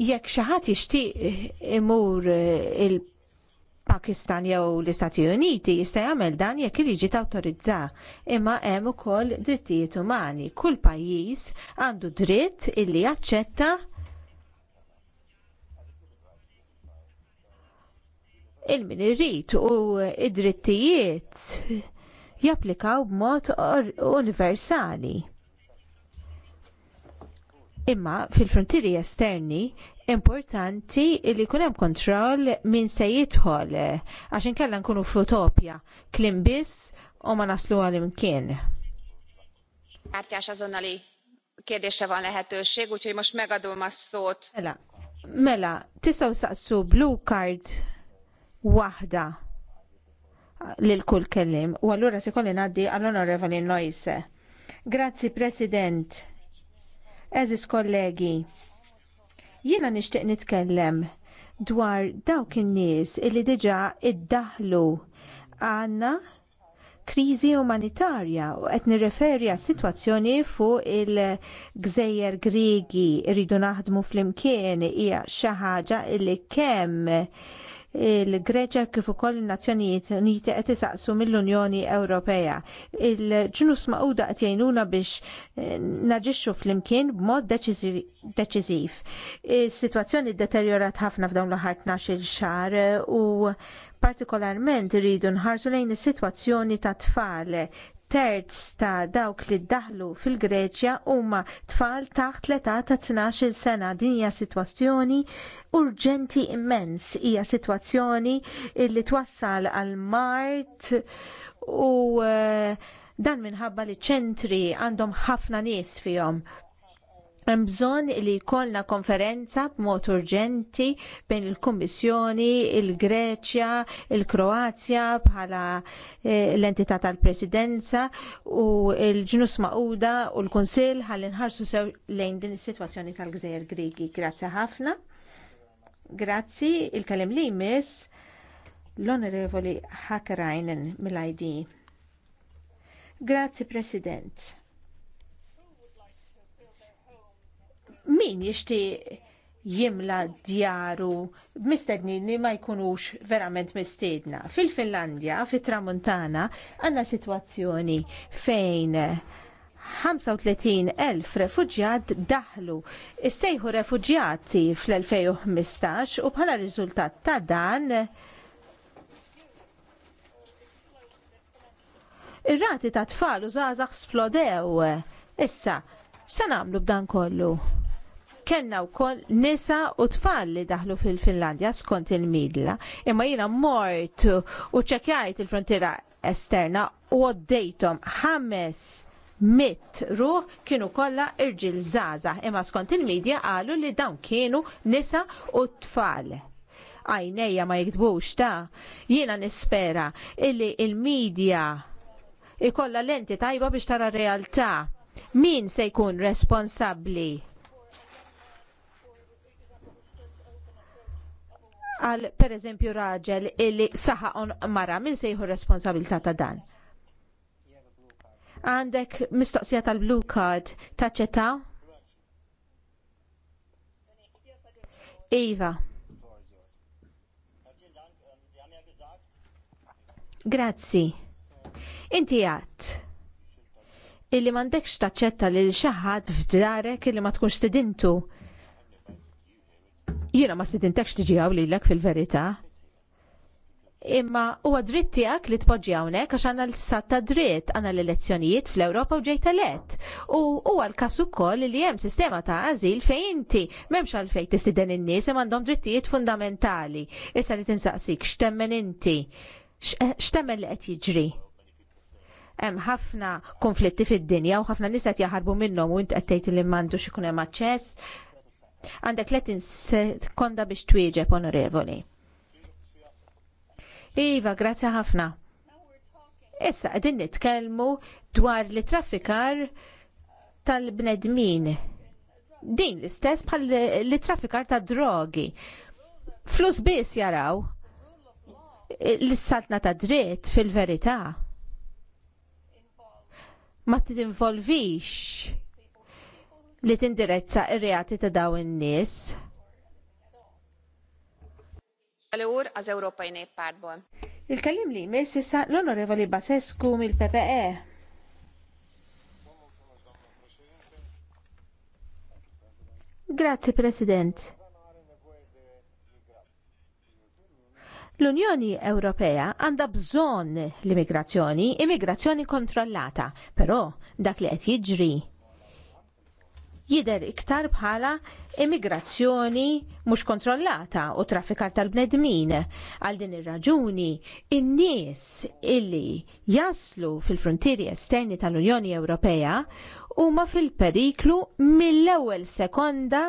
jekk xi ħadd jixtieq eh, imur eh, il-Pakistan jew l-Istati Uniti jista' jagħmel dan jekk il-liġi tawtorizza. Imma hemm ukoll drittijiet umani. Kull pajjiż għandu dritt illi jaċċetta il-min irrid u id-drittijiet japplikaw b'mod universali imma fil-frontieri esterni importanti li jkun hemm kontroll min se jidħol għax inkella nkunu f'utopja klim biss u ma naslu għal imkien. Kártyás azonnali kérdése van lehetőség, úgyhogy most megadom a szót. Mela, mela, tistaw saqsu blue card waħda lil kull kellim u allura se kolli ngħaddi għall-Onorevoli Noise. Grazzi President, eżis kollegi. Jiena nixtieq nitkellem dwar dawk in-nies illi diġa' iddaħlu għandna kriżi umanitarja u qed nirreferi għas sitwazzjoni fuq il-gżejjer Griegi rridu naħdmu flimkien hija xi ħaġa illi kemm il-Greċja kif ukoll in-Nazzjonijiet Uniti qed isaqsu mill-Unjoni Ewropea. Il-ġnus maquda qed jgħinuna biex eh, naġixxu flimkien b'mod deċiżiv. Is-sitwazzjoni ddeterjorat ħafna f'dawn l-aħħar 12-il xahar eh, u partikolarment rridu nħarsu lejn is-sitwazzjoni ta' tfal terz ta' dawk li ddaħlu fil-Greċja huma tfal taħt l-età ta' 12 sena. Din hija sitwazzjoni urġenti immens, hija sitwazzjoni li twassal għal mart u eh, dan minħabba li ċentri għandhom ħafna nies fihom. Hemm bżonn li jkollna konferenza b'mod urġenti bejn il-Kummissjoni, il-Greċja, il-Kroazja bħala eh, l-entità tal-Presidenza u l-ġnus Magħquda u l-Kunsill ħalli nħarsu sew lejn din is-sitwazzjoni tal-Gżejjer Griegi. Grazzi ħafna. Grazzi, il-kelem li jmiss l-Onorevoli Hakarajnen mill-ID. Grazzi President. min jishti jimla djaru mistednin li ma jkunux verament mistedna. Fil-Finlandja, fit-Tramuntana, għanna situazzjoni fejn 35,000 refugjat daħlu. Issejħu refugjati fl-2015 u bħala riżultat ta' dan ir-rati ta' tfal u zazax splodew. Issa, sa' namlu b'dan kollu? kellna wkoll nisa u tfal li daħlu fil-Finlandja skont il-midla, imma jiena mort u ċekjajt il-frontiera esterna u għoddejtom ħames mit ruħ kienu kollha irġil żgħażagħ, imma skont il-medja qalu li dawn kienu nisa u tfal Għajneja ma jikdbux ta' jiena nispera illi il-medja ikolla lenti tajba biex tara realtà. Min se jkun responsabbli għal pereżempju raġel illi saħaqon mara, min se jħu r responsabilità ta' dan? Għandek mistoqsija tal-blue card taċċetta? Iva. Grazzi. Inti għat illi mandekx taċċetta lil xi ħadd f'darek illi ma tkunx tidintu jiena ma tekx tiġi għaw li l-ek fil-verita. Imma u dritti għak li tpoġġi hawnhekk għax għandna l-satta dritt għandna l-elezzjonijiet fl-Ewropa u ġejta let. U huwa l-każ ukoll li hemm sistema ta' għażil fejn inti m'hemmx għalfejn tistiden in-nies imma għandhom drittijiet fundamentali. Issa li tinsaqsik x'temmen inti? Eh, x-temmen li qed jiġri? hemm ħafna konflitti fid-dinja u ħafna nisa jaħarbu minnhom u int qed tgħid li m'għandux ikun hemm aċċess Għandek 30 sekonda biex twieġeb, onorevoli. Iva, grazzi ħafna. Issa, għedin nitkellmu dwar li traffikar tal-bnedmin. Din l-istess bħal li traffikar ta' drogi. Flus biss jaraw l-saltna ta' dritt fil-verità. Ma t-involvix li tindirezza ir-reati ta' daw in-nies. Għalur għaz Ewropa jnej parbon. Il-kallim li jmiss issa l-onorevoli Basescu mill-PPE. Grazie President. L-Unjoni Ewropea għandha bżonn l-immigrazzjoni, immigrazzjoni kontrollata, però dak li qed jiġri jider iktar bħala immigrazzjoni mhux kontrollata u traffikar tal-bnedmin. Għal din ir-raġuni, in-nies illi jaslu fil-frontieri esterni tal-Unjoni Ewropea huma fil-periklu mill-ewwel sekonda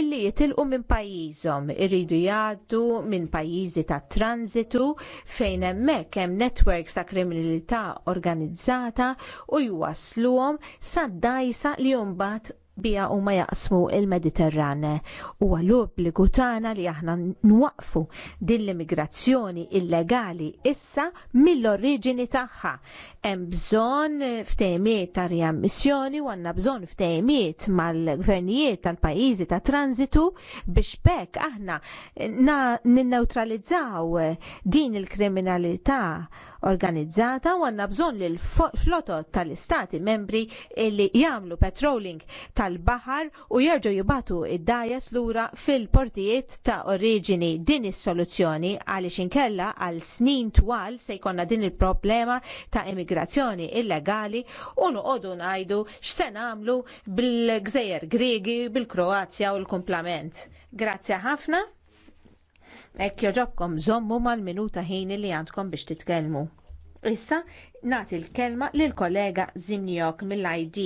illi jitilqu minn pajjiżhom, iridu jgħaddu minn pajjiżi ta' transitu fejn hemmhekk hemm netwerks ta' kriminalità organizzata u jwasluhom sa' dajsa li mbagħad bija u ma jaqsmu il mediterrane U għalub li tagħna li aħna nwaqfu din l-immigrazzjoni illegali issa mill-oriġini tagħha. Hemm bżonn ftehimiet ta' riammissjoni u għandna bżonn ftehimiet mal-gvernijiet tal-pajjiżi ta' transitu biex bekk aħna ninneutralizzaw din il-kriminalità organizzata u għandna bżonn li l-flotot tal-istati membri li jagħmlu patrolling tal-baħar u jerġgħu jibatu id-dajes lura fil-portijiet ta' oriġini din is-soluzzjoni għaliex inkella għal snin twal se jkollna din il-problema ta' immigrazzjoni illegali u noqogħdu ngħidu x'se nagħmlu bil-Gżejjer Griegi, bil-Kroazja u l-kumplament. Grazzi ħafna. Hekk joġobkom żommu mal-minuta ħin li għandkom biex titkellmu. Issa nagħti l-kelma l kollega Zimniok mill-ID.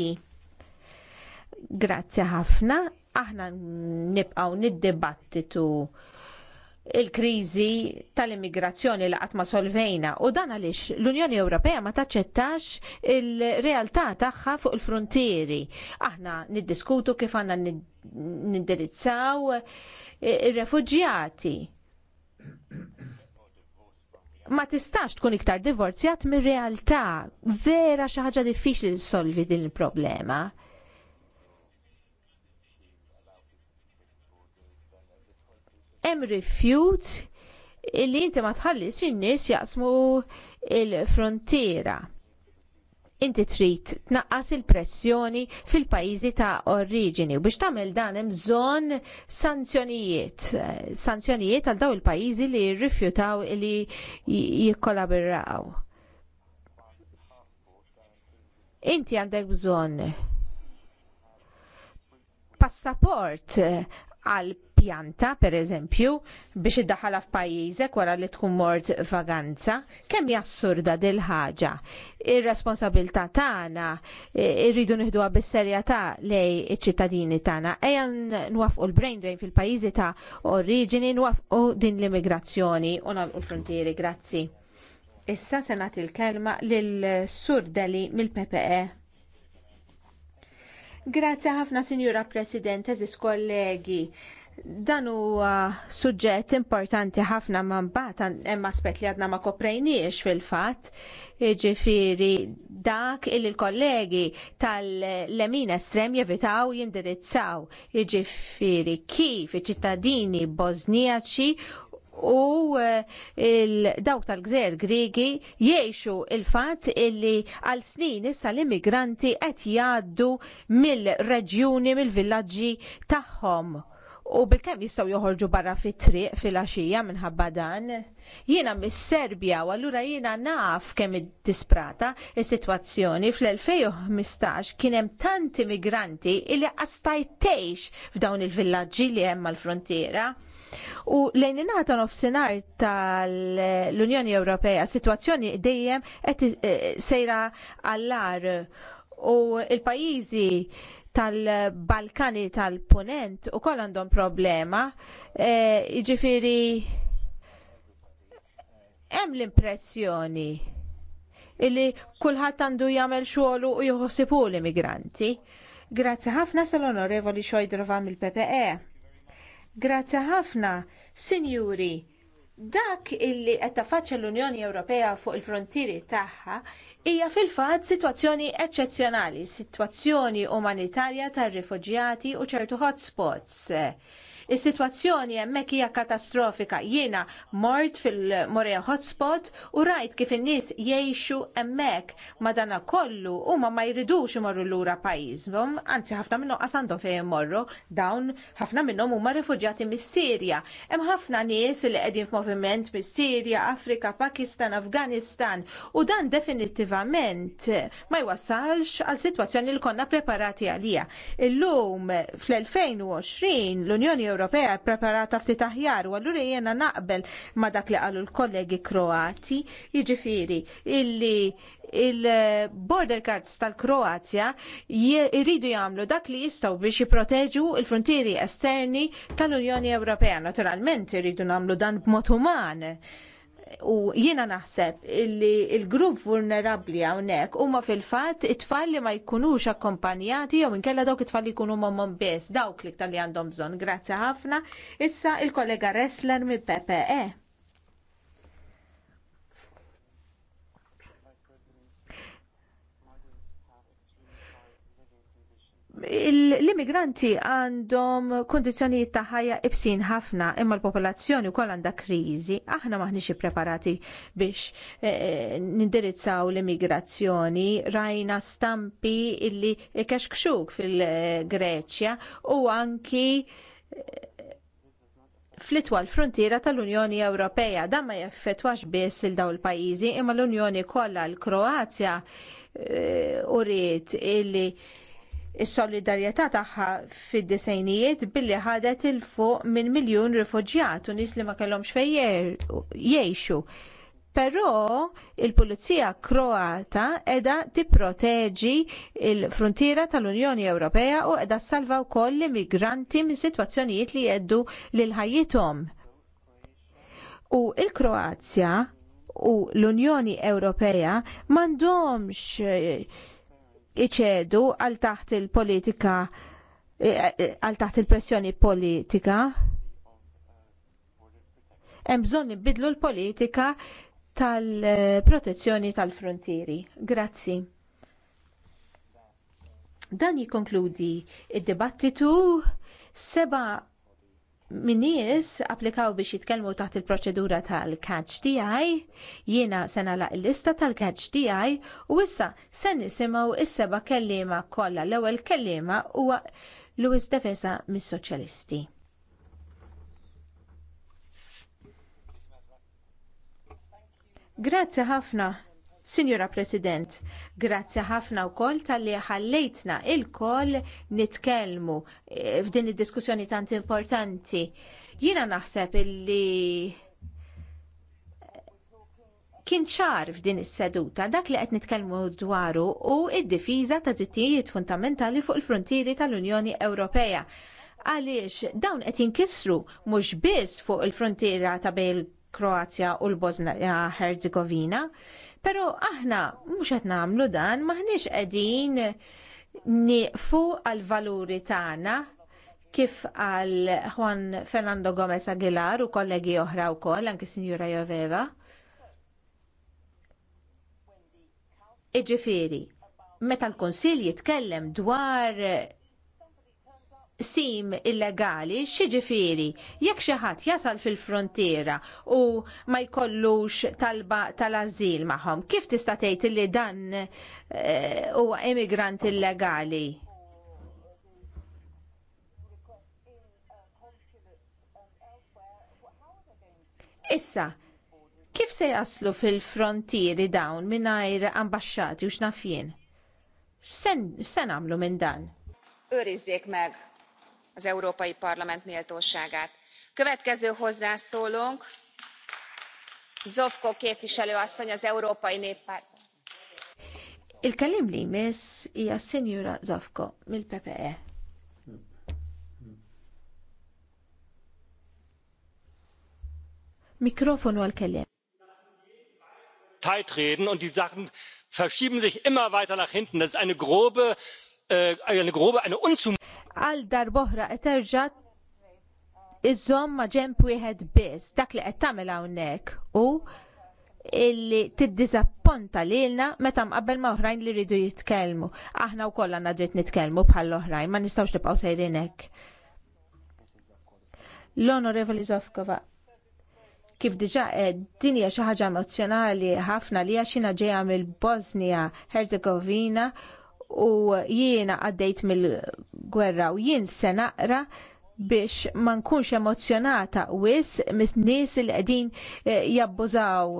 Grazzi ħafna, aħna nibqgħu niddibattitu il-kriżi tal-immigrazzjoni laqat ma solvejna u dan għaliex l-Unjoni Ewropea ma taċċettax il-realtà tagħha fuq il-frontieri. Aħna niddiskutu kif għandna nindirizzaw ir-refuġjati ma tistax tkun iktar divorzjat mir realtà vera xi ħaġa diffiċli solvi din il-problema. Hemm rifjut li inti ma tħallis in-nies jaqsmu il-frontiera inti trid tnaqqas il-pressjoni fil-pajjiżi ta' oriġini u biex tagħmel dan hemm bżonn sanzjonijiet, sanzjonijiet għal daw il-pajjiżi li rrifjutaw li jikkolaboraw. Inti għandek bżonn passaport għal pjanta, per eżempju, biex iddaħala f'pajjiżek wara li tkun mort vaganza, kemm jassurda dil ħaġa Ir-responsabilità tagħna irridu nieħduha bis-serjetà lej iċ-ċittadini tagħna. Ejja nwafqu l-brain drain fil-pajjiżi ta' oriġini, nwafqu din l-immigrazzjoni u nagħlqu l-frontieri. Grazzi. Issa se nagħti l kelma lil Sur Deli mill-PPE. Grazie ħafna, Sinjura President, eżis kollegi dan huwa suġġett importanti ħafna ma mbagħad hemm aspett li għadna ma koprejniex fil-fatt, ġifiri dak il l-kollegi tal-lemin estrem jevitaw jindirizzaw, jiġifieri kif iċ-ċittadini Bosniaċi u eh, dawk tal-gżer Grigi jiexu il-fat illi għal snin issa l-immigranti qed jgħaddu mill-reġjuni mill-villaġġi tagħhom u bil-kem jistaw joħorġu barra fit-triq fil-axija minħabba dan. Jiena mis-Serbja u allura jiena naf kemm id-disprata is-sitwazzjoni fl-2015 kien hemm tant immigranti illi qastajtejx f'dawn il-villaġġi li hemm mal-frontiera. U lejn ingħata nofsinhar tal-Unjoni Ewropea sitwazzjoni dejjem qed eh, sejra għallar u il pajjiżi tal-Balkani tal-Punent u koll għandhom problema. E, iġifiri, hemm l-impressjoni illi kulħadd għandu jagħmel xogħlu u jħossibu l-immigranti. Grazzi ħafna sal-Onorevoli Xojdrova mill-PPE. Grazzi ħafna, Sinjuri, dak illi qed tafaċċa l-Unjoni Ewropea fuq il-frontieri tagħha hija fil-fatt sitwazzjoni eċċezzjonali, sitwazzjoni umanitarja tar rifugjati u ċertu hotspots Is-sitwazzjoni hemmhekk hija katastrofika. Jiena mort fil-Morea Hotspot u rajt kif in-nies jgħixu hemmhekk madanakollu kollu huma ma jridux imorru lura pajjiżhom, anzi ħafna minnhom qasandhom fejn imorru dawn ħafna minnhom huma rifuġjati mis-Sirja. Hemm ħafna nies li qegħdin f'moviment mis-Sirja, Afrika, Pakistan, Afganistan u dan definittivament ma jwassalx għal sitwazzjoni li konna preparati għalija. Illum fl-2020 l-Unjoni Ewropea preparata ftit aħjar u allura jiena naqbel ma dak li qalu l-kollegi Kroati, jiġifieri illi il-border guards tal-Kroazja jiridu jagħmlu dak li jistgħu biex jipproteġu l frontieri esterni tal-Unjoni Ewropea. Naturalment iridu nagħmlu dan b'mod uman u jiena naħseb li il-grupp vulnerabli hawnhekk huma fil-fatt it-tfal li ma jkunux akkompanjati jew inkella dawk it-tfal li jkunu momhom biss dawk li li għandhom bżonn. Grazzi ħafna. Issa il-kollega Ressler mi PPE. L-immigranti għandhom kondizjonijiet ta' ħajja ibsin ħafna imma l-popolazzjoni wkoll għandha kriżi, aħna maħniex ippreparati biex eh, eh, nindirizzaw l-immigrazzjoni, rajna stampi illi kexkxuk fil-Greċja u anki eh, fl l-frontiera tal-Unjoni Ewropea dan ma jaffetwax biss il daw il-pajjiżi imma l-Unjoni kollha l-Kroazja u e, illi is-solidarjetà tagħha fid-disejnijiet billi ħadet il fuq minn miljun rifuġjat u nies li ma kellhomx fejn jgħixu. Però il-Pulizija Kroata edha tipproteġi l frontiera tal-Unjoni Ewropea u edha salva wkoll l-immigranti minn sitwazzjonijiet li jeddu lil ħajjithom. U l kroazja u l-Unjoni Ewropea m'għandhomx eh, iċedu għal taħt il-politika e, e, għal taħt il-pressjoni politika. Hemm bżonn nibidlu l-politika tal-protezzjoni tal-frontieri. Grazzi. Dan jikonkludi id-dibattitu seba' minnijis applikaw biex jitkellmu taħt il-proċedura tal-catch DI, jiena se nagħlaq il-lista tal-catch DI u issa se nisimgħu is-seba' kelliema kollha l-ewwel kelliema huwa Luis Defesa mis-Soċjalisti. Grazzi ħafna Signora President, grazzi ħafna wkoll talli ħallejtna lkoll nitkellmu eh, f'din id-diskussjoni tant importanti. Jiena naħseb illi kien ċar f'din is-seduta dak li qed nitkellmu dwaru u id-difiża ta' drittijiet fundamentali fuq il-frontieri tal-Unjoni Ewropea għaliex dawn qed jinkisru mhux biss fuq il-frontiera ta' bejn Kroazja u l-Bosnia Herzegovina. Pero aħna mhux qed nagħmlu dan, maħniex qegħdin nieqfu għall valuri tagħna kif għal Juan Fernando Gomez Aguilar u kollegi oħra wkoll anke Sinjura Joveva. Jiġifieri, meta l-Konsil jitkellem dwar sim illegali, xieġifiri, jekk xi ħadd jasal fil-frontiera u ma jkollux talba tal-azil magħhom, kif tista' tgħid li dan eh, huwa e, immigrant illegali? Issa, kif se jaslu fil-frontieri dawn mingħajr ambaxxati u x'nafjien? Sen, sen għamlu minn dan? meg az európai parlament méltóságát. következő hozzászólónk zovko képviselő asszony az európai néppárt. il-kelliem li jmiss hija sinjura zovko mill-ppe. Mikrofonu għal-kelliem. Zeit und die Sachen verschieben sich immer weiter nach hinten. Das ist eine grobe, äh, eine grobe, eine unzumutbare għal darboħra qed terġa' iżżomm ma' ġemp wieħed biss dak li qed tagħmel hawnhekk u illi tiddizapponta lilna meta mqabbel ma' oħrajn li rridu jitkellmu. Aħna wkoll għandna dritt nitkellmu bħal oħrajn, ma nistgħux nibqgħu sejrin hekk. L-Onorevoli Zofkova, kif diġa eh, din hija xi ħaġa emozzjonali ħafna li għaxina ġejja mill-Bosnia Herzegovina u jiena għaddejt mill-gwerra u jien se naqra biex ma nkunx emozjonata wis mis nies li qegħdin eh, jabbużaw.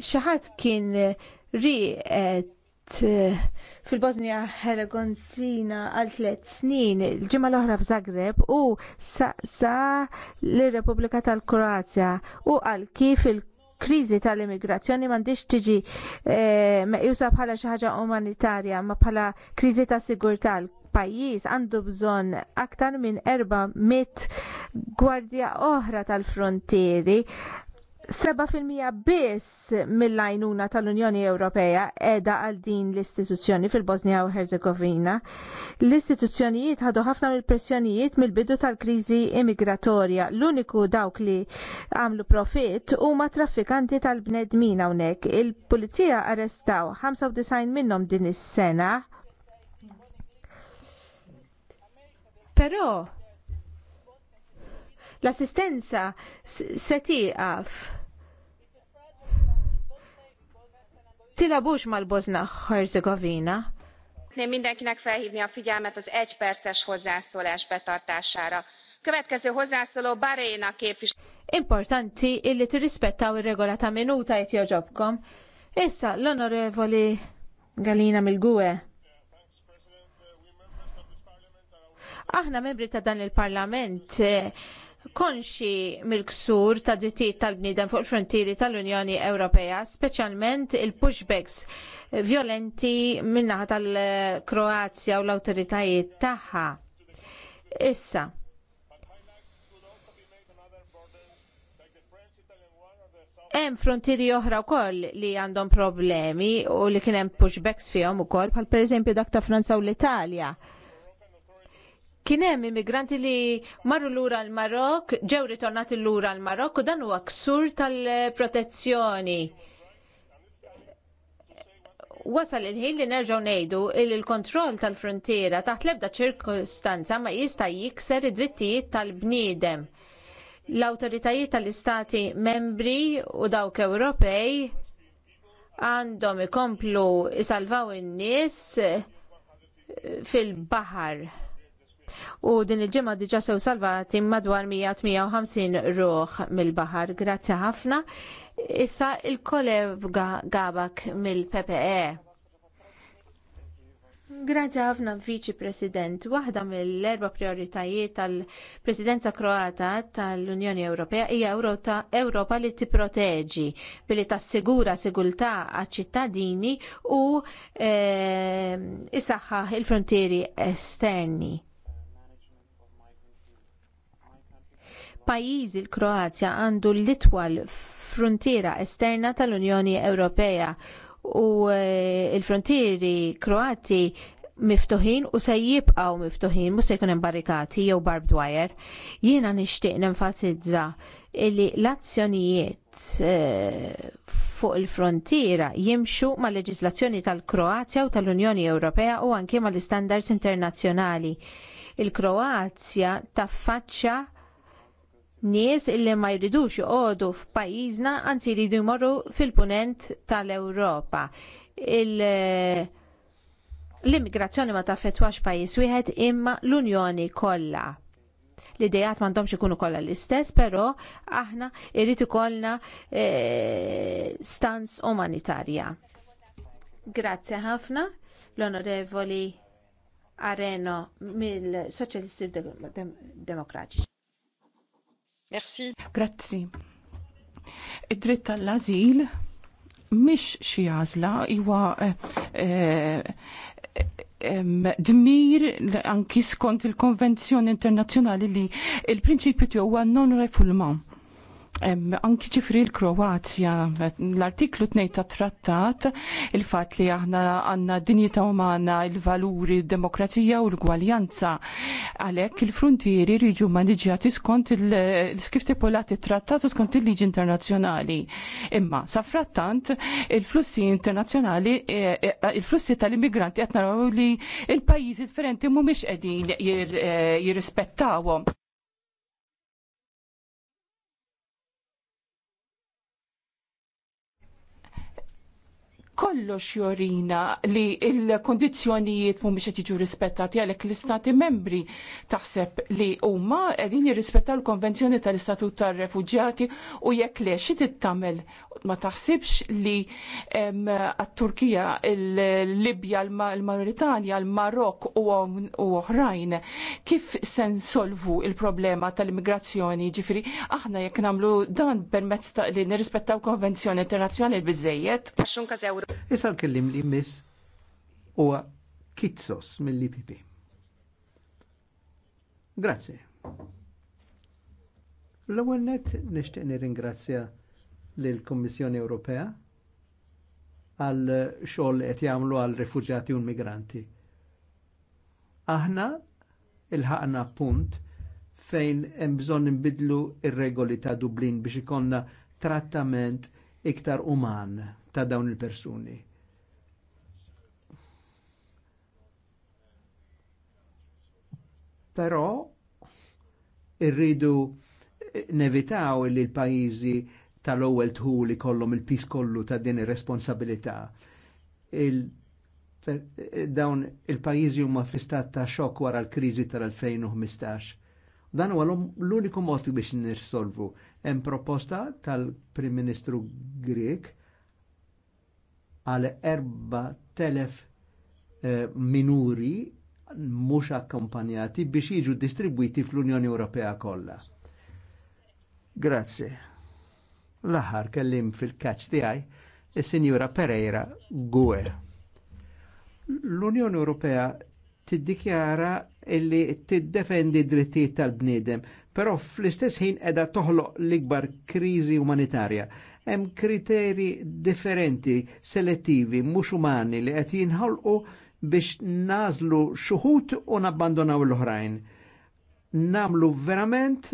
Xi ħadd kien eh, riqet eh, fil-Bosnia Herzegovina għal tliet snin il-ġimgħa l-oħra f'Zagreb u sa, -sa l-Repubblika tal-Kroazja u għal kif il kriżi tal-immigrazzjoni m'għandix tiġi eh, meqjusa bħala xi ħaġa umanitarja ma bħala kriżi ta' sigurtà pajjiż għandu bżonn aktar minn 400 gwardja oħra tal-frontieri 7% biss mill-għajnuna tal-Unjoni Ewropea edha għal din l-istituzzjoni fil-Bosnia u Herzegovina. L-istituzzjonijiet ħadu ħafna mill-pressjonijiet mill-bidu tal-kriżi immigratorja. L-uniku dawk li għamlu profit huma traffikanti tal-bnedmin hawnhekk. Il-pulizija arrestaw 95 minnhom din is-sena. Però l-assistenza se tieqaf tilabux mal-Bosna Herzegovina. Szeretném mindenkinek felhívni a figyelmet az egyperces hozzászólás betartására. Következő hozzászóló Baréna képviselő. Importanti illi tirrispettaw ir-regola ta' minuta jekk joġobkom. Issa l-onorevoli Galina Milgue. Aħna membri ta' dan il-parlament eh, konxi mill-ksur ta' drittijiet tal-bniedem fuq il-frontieri tal-Unjoni Ewropea, speċjalment il-pushbacks violenti min-naħa tal-Kroazja u l-awtoritajiet tagħha. Issa. Hemm frontieri oħra wkoll li għandhom problemi u li kien hemm pushbacks fihom ukoll bħal pereżempju dak ta' Franza u l-Italja Kien hemm immigranti li marru lura l-Marok, ġew ritornati lura l-Marok u dan huwa ksur tal-protezzjoni. Wasal il-ħin li nerġgħu ngħidu li l-kontroll tal-frontiera taħt l-ebda ċirkostanza ma jista' jikser id-drittijiet tal-bniedem. L-awtoritajiet tal-istati membri u dawk Ewropej għandhom ikomplu isalvaw in-nies fil-baħar U din il-ġimgħa diġà sew salvati madwar 150 ruħ mill-baħar. Grazzi ħafna. Issa il-kollega Gabak mill-PPE. Grazie ħafna Viċi President. Waħda mill-erba prioritajiet tal-Presidenza Kroata tal-Unjoni Ewropea hija Ewropa li tipproteġi billi tassigura sigurtà għaċ-ċittadini u e, isaħħaħ il-frontieri esterni. pajjiżi l-Kroazja għandu l-itwal frontiera esterna tal-Unjoni Ewropea u eh, l frontieri Kroati miftuħin u se jibqgħu miftuħin, mhux se jkun hemm barrikati jew barbed wire. Jiena nixtieq nenfatizza li l-azzjonijiet eh, fuq il-frontiera jimxu mal leġiżlazzjoni tal-Kroazja u tal-Unjoni Ewropea u anke mal istandards internazzjonali. Il-Kroazja taffaċċja nies illi ma jridux joqogħdu f'pajjiżna anzi jridu jmorru fil-punent tal-Ewropa. L-immigrazzjoni ma taffettwax pajjiż wieħed imma l-Unjoni kollha. L-idejat m'għandhomx ikunu kollha l-istess, però aħna jrid ikollna e, stans umanitarja. Grazzi ħafna l-Onorevoli Areno mill-Soċjalisti Demokratiċi. Merci. Grazzi. Id-dritt tal-azil mhix xi għażla huwa eh, eh, eh, dmir anki skont il-Konvenzjoni Internazzjonali li il-prinċipju tiegħu huwa non refoulement anki ċifri l-Kroazja, l-artiklu 2 ta' trattat, il-fat li aħna għanna dinjita umana, il-valuri, demokrazija u l-gwaljanza. Għalek il-frontieri riġu maniġjati skont il-skif stipulati trattat u skont il-liġi internazjonali. Imma, safrattant, il-flussi internazjonali, e, e, il-flussi tal-immigranti għatnaraw li il-pajizi differenti mumiex edin e, jirrispettawom. kollox jorina li il-kondizjonijiet mhumiex qed jiġu rispettati għalhekk l-istati membri taħseb li huma qegħdin jirrispettaw l-Konvenzjoni tal-Istatut tar refugġati u jekk le xit tittamel ma taħsibx li għat-Turkija, l-Libja, l-Mauritania, l-Marok u oħrajn, kif sen solvu il-problema tal-immigrazzjoni ġifiri, aħna jek namlu dan permezz ta' li nirrispettaw konvenzjoni internazzjonali bizzejiet. Issa l-kellim li miss u kitsos mill-IPP. Grazie. L-ewwel net nixtieq nirringrazzja l kummissjoni Ewropea għal xogħol qed jagħmlu għal rifuġjati u migranti. Aħna ilħaqna punt fejn hemm bżonn nbidlu ir-regoli ta' Dublin biex ikonna trattament iktar uman ta' dawn il-persuni. Però irridu nevitaw li l pajjiżi tal-ewwel tħul kollhom il-pis kollu ta' din ir-responsabilità. Il dawn il-pajjiżi huma fistat ta' xokk wara l-kriżi tal-2015. Dan huwa l-uniku mod biex nirsolvu. Hemm proposta tal-Prim Ministru Grek għal 4,000 eh, minuri mhux akkompanjati biex jiġu distribwiti fl-Unjoni Ewropea kollha. Grazie l-aħħar kellim fil-kaċ tiegħi is-Sinjura Pereira Gue. L-Unjoni Ewropea tiddikjara illi tiddefendi drittijiet tal-bniedem, però fl-istess ħin qiegħda toħloq l-ikbar kriżi umanitarja. Hemm kriteri differenti, selettivi, mhux umani li qed jinħolqu biex nażlu xuħut u nabbandonaw l-oħrajn. Namlu verament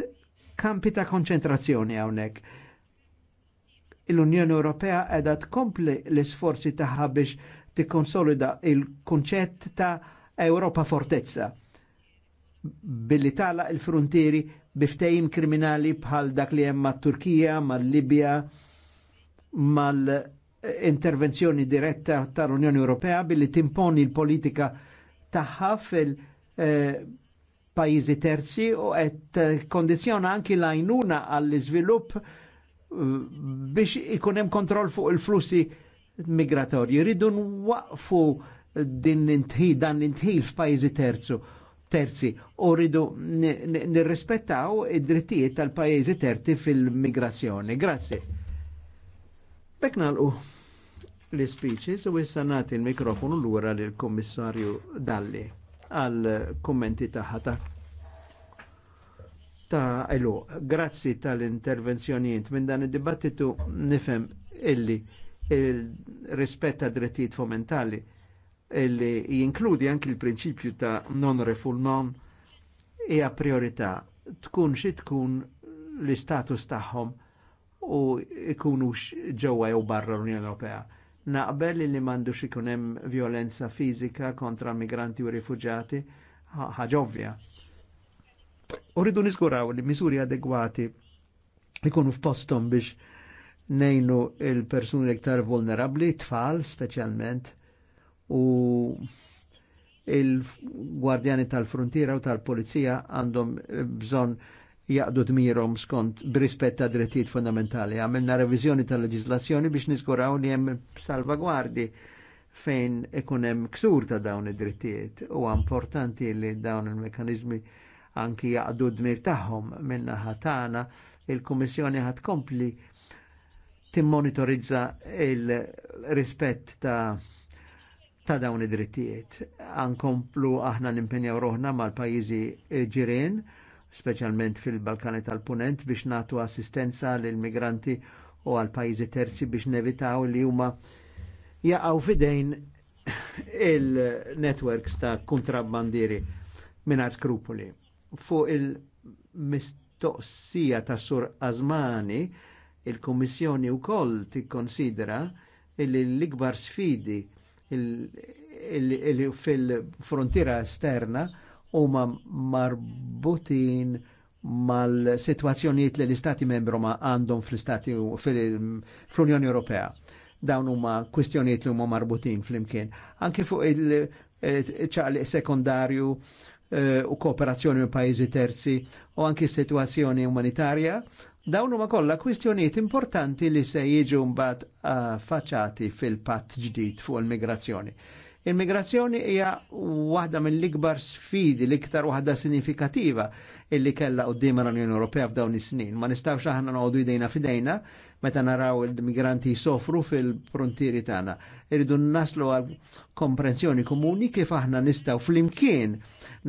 kampi ta' konċentrazzjoni hawnhekk l-Unjoni Ewropea qiegħda tkompli l-isforzi tagħha biex tikkonsolida il-kunċett ta' Ewropa Fortezza billi tala il-frontieri biftejim kriminali bħal dak li hemm mat-Turkija, mal-Libja, mal-intervenzjoni diretta tal-Unjoni Ewropea billi timponi l-politika tagħha fil- eh, pajjiżi terzi u qed kondizjona anki l-għajnuna għall-iżvilupp biex ikunem kontroll fuq il-flussi migratorji. Ridu nwaqfu din intħi, dan intħil f'pajzi terzu terzi u rridu nirrispettaw id-drittijiet tal-pajjiżi terzi fil-migrazzjoni. Grazzi. Bek nalqu l-speeches u issa nagħti l-mikrofonu lura lill kommissarju Dalli għal kummenti tagħha ta' ta' elu. Grazzi tal-intervenzjonijiet minn dan id-dibattitu nifem illi il-rispetta drittijiet fomentali illi jinkludi anki il-prinċipju ta' non-refoulement hija priorità tkun xi tkun l-istatus tagħhom u ikunu ġewwa jew barra l-Unjoni Ewropea. Naqbel li m'għandux ikun hemm violenza fiżika kontra migranti u rifuġati ħaġa ovvja Uridu niskuraw li miżuri adegwati ikunu f'postom biex nejnu il-persuni iktar vulnerabli, tfal specialment, u il-gwardjani tal-frontiera u tal-polizija għandhom bżon jaqdu dmirom skont b'rispett ta' drittijiet fundamentali. Għamilna revizjoni tal-leġislazzjoni biex niskuraw li hemm salvagwardi fejn ikun hemm ksur ta' dawn id-drittijiet. U importanti li dawn il-mekanizmi anki jaqdu d-dmir tagħhom minna ħatana il-Kummissjoni ħat kompli timmonitorizza il-rispett ta' ta' dawn id-drittijiet. Ankomplu aħna nimpenjaw roħna mal-pajjiżi ġirien, speċjalment fil-Balkani tal-Punent biex natu assistenza l migranti u għal pajjiżi terzi biex nevitaw li huma jaqgħu fidejn il-networks ta' kontrabbandiri mingħajr skrupoli fuq il-mistoqsija ta' sur Azmani, il-Kommissjoni u koll tikkonsidera li l-ikbar sfidi fil-frontiera esterna huma marbutin mal situazzjoniet li l-Istati membru ma għandhom fl-Istati fl-Unjoni Ewropea. Dawn huma kwistjonijiet li huma marbutin fl-imkien. Anki fuq il-ċaqliq sekondarju Eh, u kooperazzjoni minn pajjiżi terzi u anki situazzjoni umanitarja, dawn huma kollha kwistjonijiet importanti li se jiġu mbagħad eh, faċati fil-patt ġdid fuq il-migrazzjoni. Il-migrazzjoni hija waħda mill-ikbar sfidi l-iktar waħda sinifikativa illi kella qudiem l-Unjoni Ewropea f'dawn is-snin. Ma nistgħux aħna noqogħdu jdejna f'idejna, meta naraw il-migranti jisofru fil-frontieri tagħna. Irridu naslu għal komprensjoni komuni kif aħna nistgħu flimkien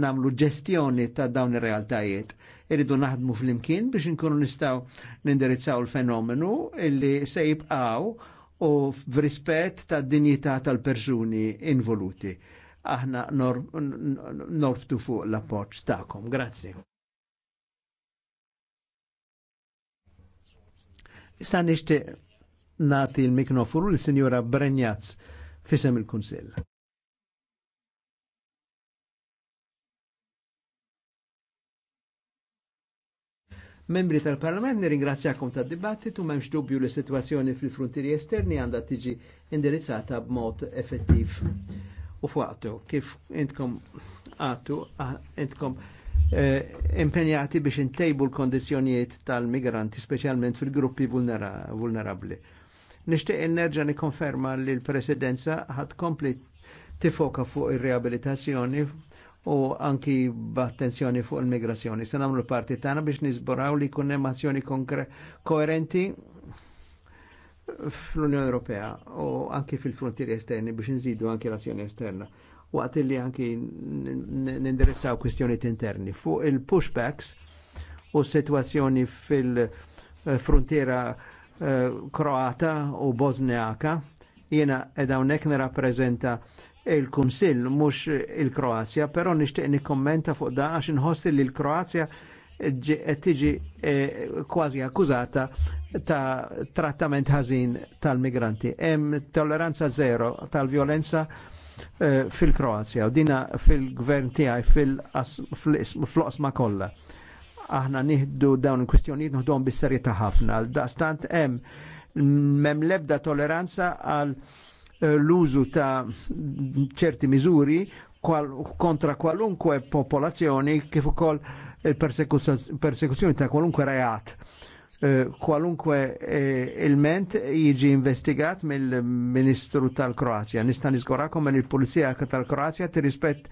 namlu ġestjoni ta' dawn ir-realtajiet. Irridu naħdmu flimkien biex inkunu nistgħu nindirizzaw il-fenomenu illi se jibqgħu u f'rispett tad dinjità tal-persuni involuti. Aħna norbtu fuq l-appoġġ tagħkom. Grazzi. Issa nixtieq nati l miknofuru l sinjora Brenjazz fisem il-Kunsill. Membri tal-Parlament nirringrazzjakom tad dibattitu m'hemmx dubju li situazzjoni fil-frontieri esterni għandha tiġi indirizzata b'mod effettiv. U fuqtu, kif intkom għatu, ah, intkom Eh, impenjati biex intejbu l-kondizjonijiet tal-migranti, specialment fil-gruppi vulnerabli. Nishtiq nerġa' nikkonferma li l-presidenza ħad kompli tifoka fuq ir-reabilitazzjoni u anki b'attenzjoni fuq il-migrazzjoni. Se nagħmlu parti tagħna biex niżboraw li jkun hemm azzjoni koerenti fl-Unjoni Ewropea u anki fil-frontieri esterni biex nżidu anki l-azzjoni esterna waqt li anki nindirizzaw kwistjoniet interni. Fuq il-pushbacks u situazzjoni fil-frontiera eh, Kroata u Bosniaka, jena edaw unnek nirrapprezenta il-Kunsill, mux il-Kroazja, pero nishtiq nikkommenta fuq da għax nħossi li l-Kroazja tiġi eh, kważi akkużata ta' trattament ħażin tal-migranti. Hemm tolleranza zero tal-violenza Eh, fil-Kroazja u dina fil-gvern tijaj fil-qosma kollha. Aħna nieħdu dawn il-kwistjonijiet nieħduhom bis-serjetà ħafna. Daqstant hemm mem lebda toleranza għal eh, l-użu ta' ċerti miżuri kontra kwalunkwe popolazzjoni kif ukoll il-persekuzzjoni ta' kwalunkwe rajat Eh, kwalunkwe eh, il-ment jiġi investigat mill-Ministru tal-Kroazja. Nista' niżgorakom li l-Pulizija tal-Kroazja tirrispett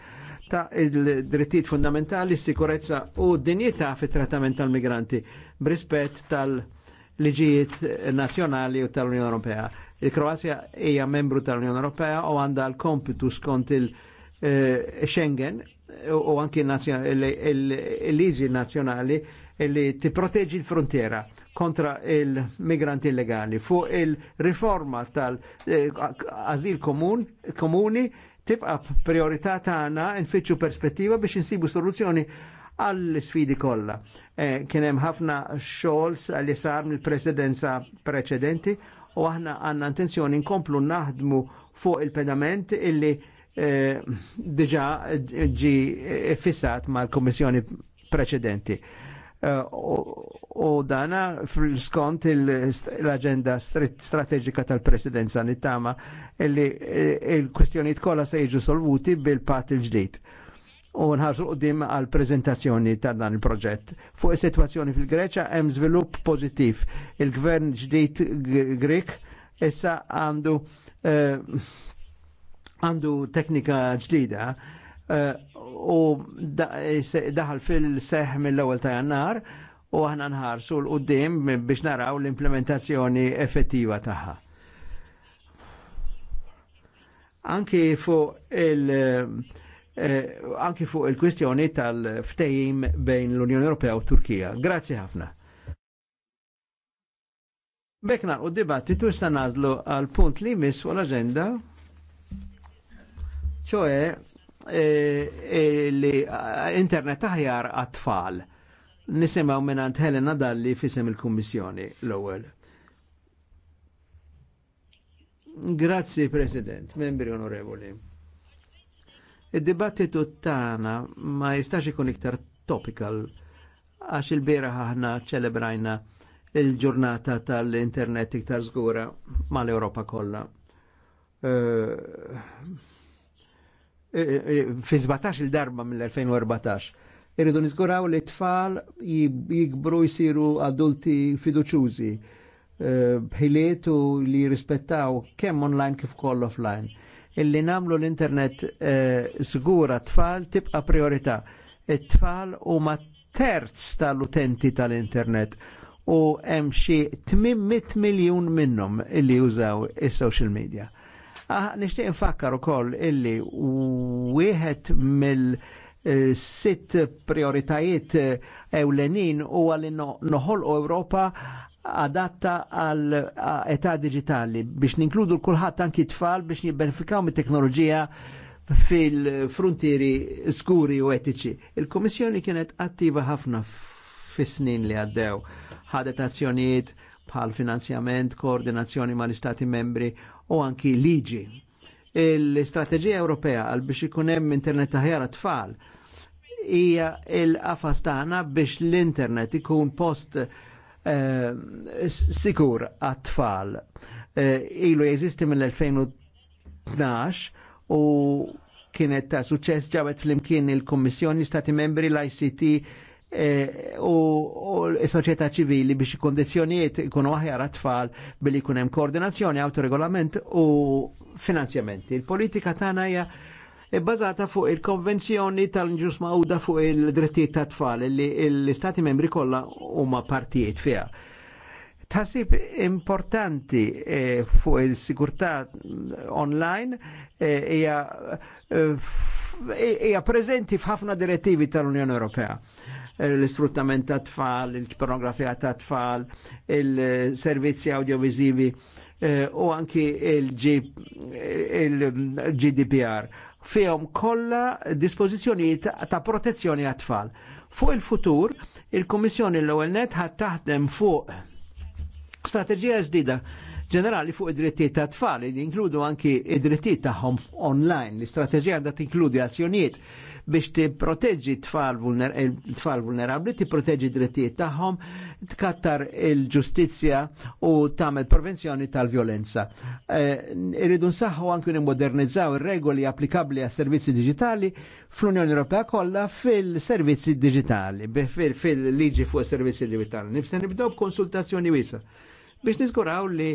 ta' il-drittijiet fundamentali, sikurezza u dinjità fit trattament tal-migranti b'rispett tal-liġijiet nazjonali u tal-Unjoni Ewropea. Il-Kroazja hija membru tal-Unjoni Ewropea u għandha l-kompitu skont il-Schengen eh, u anki il-liġi nazzjonali li tipproteġi l-frontiera kontra il-migranti illegali fuq il-riforma tal-azil komuni tibqa priorità tagħna nfittxu perspettiva biex insibu soluzzjoni għall-sfidi kollha. Eh, kien hemm ħafna xogħols li sar mill-presidenza preċedenti u aħna għandna intenzjoni nkomplu naħdmu fuq il-pedament illi diġa eh, diġà ġi fissat mal-Kummissjoni preċedenti. Eh, u dana fil-skont l-agenda strategika tal-presidenza nittama illi eh, il-kwestjoniet kolla se jiġu solvuti bil-pat il-ġdid u nħarsu qdim għal prezentazzjoni ta' dan il-proġett. Fuq is-sitwazzjoni fil-Greċa hemm żvilupp pożittiv. Il-gvern ġdid Grek issa għandu eh, għandu teknika ġdida Eh, u daħal fil-seħ mill-ewwel ta' jannar u aħna nħarsu l-qudiem biex naraw l-implementazzjoni effettiva tagħha. Anki fuq il- eh, anki fuq il-kwistjoni tal-ftejim bejn l-Unjoni Ewropea u Turkija. Grazzi ħafna. Bekna u dibattitu issa nazlu għal punt li mis fuq l-agenda, ċoe E, e, li internet aħjar għat-tfal. Nisimaw minnant Helena Dalli fisem il-Kommissjoni l-ewwel. Grazzi President, membri onorevoli. Id-dibattitu tagħna ma jistax ikun iktar topical għax il-bira aħna ċelebrajna il-ġurnata tal-internet iktar żgura mal-Europa kollha. Uh fi 17 il-darba mill-2014. Irridu nizguraw li tfal jikbru jisiru adulti fiduċuzi eh, bħilietu li jirrispettaw kemm online kif koll offline. Illi namlu l-internet sgura eh, tfal tibqa priorità. It-tfal u ma terz tal-utenti tal-internet u hemm xi 800 miljun minnhom illi jużaw is-social media. Ah, Nishtiq nfakkar ukoll illi wieħed mill- sitt prioritajiet eh, ewlenin u għalli noħol u Europa adatta għal età digitali biex ninkludu l-kulħadd anki tfal biex jibbenefikaw mit-teknoloġija fil-frontieri skuri u etiċi. Il-Komissjoni kienet attiva ħafna fis-snin li għaddew. Ħadet azzjonijiet bħal finanzjament, koordinazzjoni mal istati membri u anki liġi. Il-strategija Ewropea għal biex ikun hemm internet taħjar tfal hija l-qafas tagħna biex l-internet ikun post eh, sikur għat-tfal. Eh, ilu jeżisti mill-2012 u kienet ta' suċess ġabet fl-imkien il-Kommissjoni Stati Membri, l-ICT, u s-soċjetà ċivili biex kondizjoniet ikunu aħjar tfal billi kunem koordinazzjoni, autoregolament u finanzjamenti. Il-politika tagħna hija bbażata fuq il-konvenzjoni tal-ġus mawda fuq il-drittijiet ta' tfal li l-istati membri kollha huma partijiet fiha. Tasib importanti eh, fuq il-sigurtà online eh, hija eh, hija prezenti f'ħafna direttivi tal-Unjoni Ewropea l-istruttament ta' tfal, il-pornografija ta' tfal, il-servizzi audiovisivi eh, u anki il-GDPR. Fihom kollha dispożizzjoni ta' protezzjoni għat tfal. Fuq il-futur, il-Kommissjoni l-ewwel net ħad taħdem fuq strateġija ġdida ġenerali fuq id-drittijiet ta' tfal li jinkludu anki id-drittijiet tagħhom online. L-istrateġija għandha tinkludi azzjonijiet biex tipproteġġi tfal eh, vulnerabbli, tipproteġġi id drittijiet tagħhom, tkattar il-ġustizzja u tagħmel prevenzjoni tal-vjolenza. Eh, irridu nsaħħu anki nimmodernizzaw ir-regoli applikabbli għas servizzi diġitali fl-Unjoni Ewropea kollha fil-servizzi diġitali, fil-liġi fuq is servizzi digitali. Nibsa nibdew b'konsultazzjoni wiesa' biex nizguraw li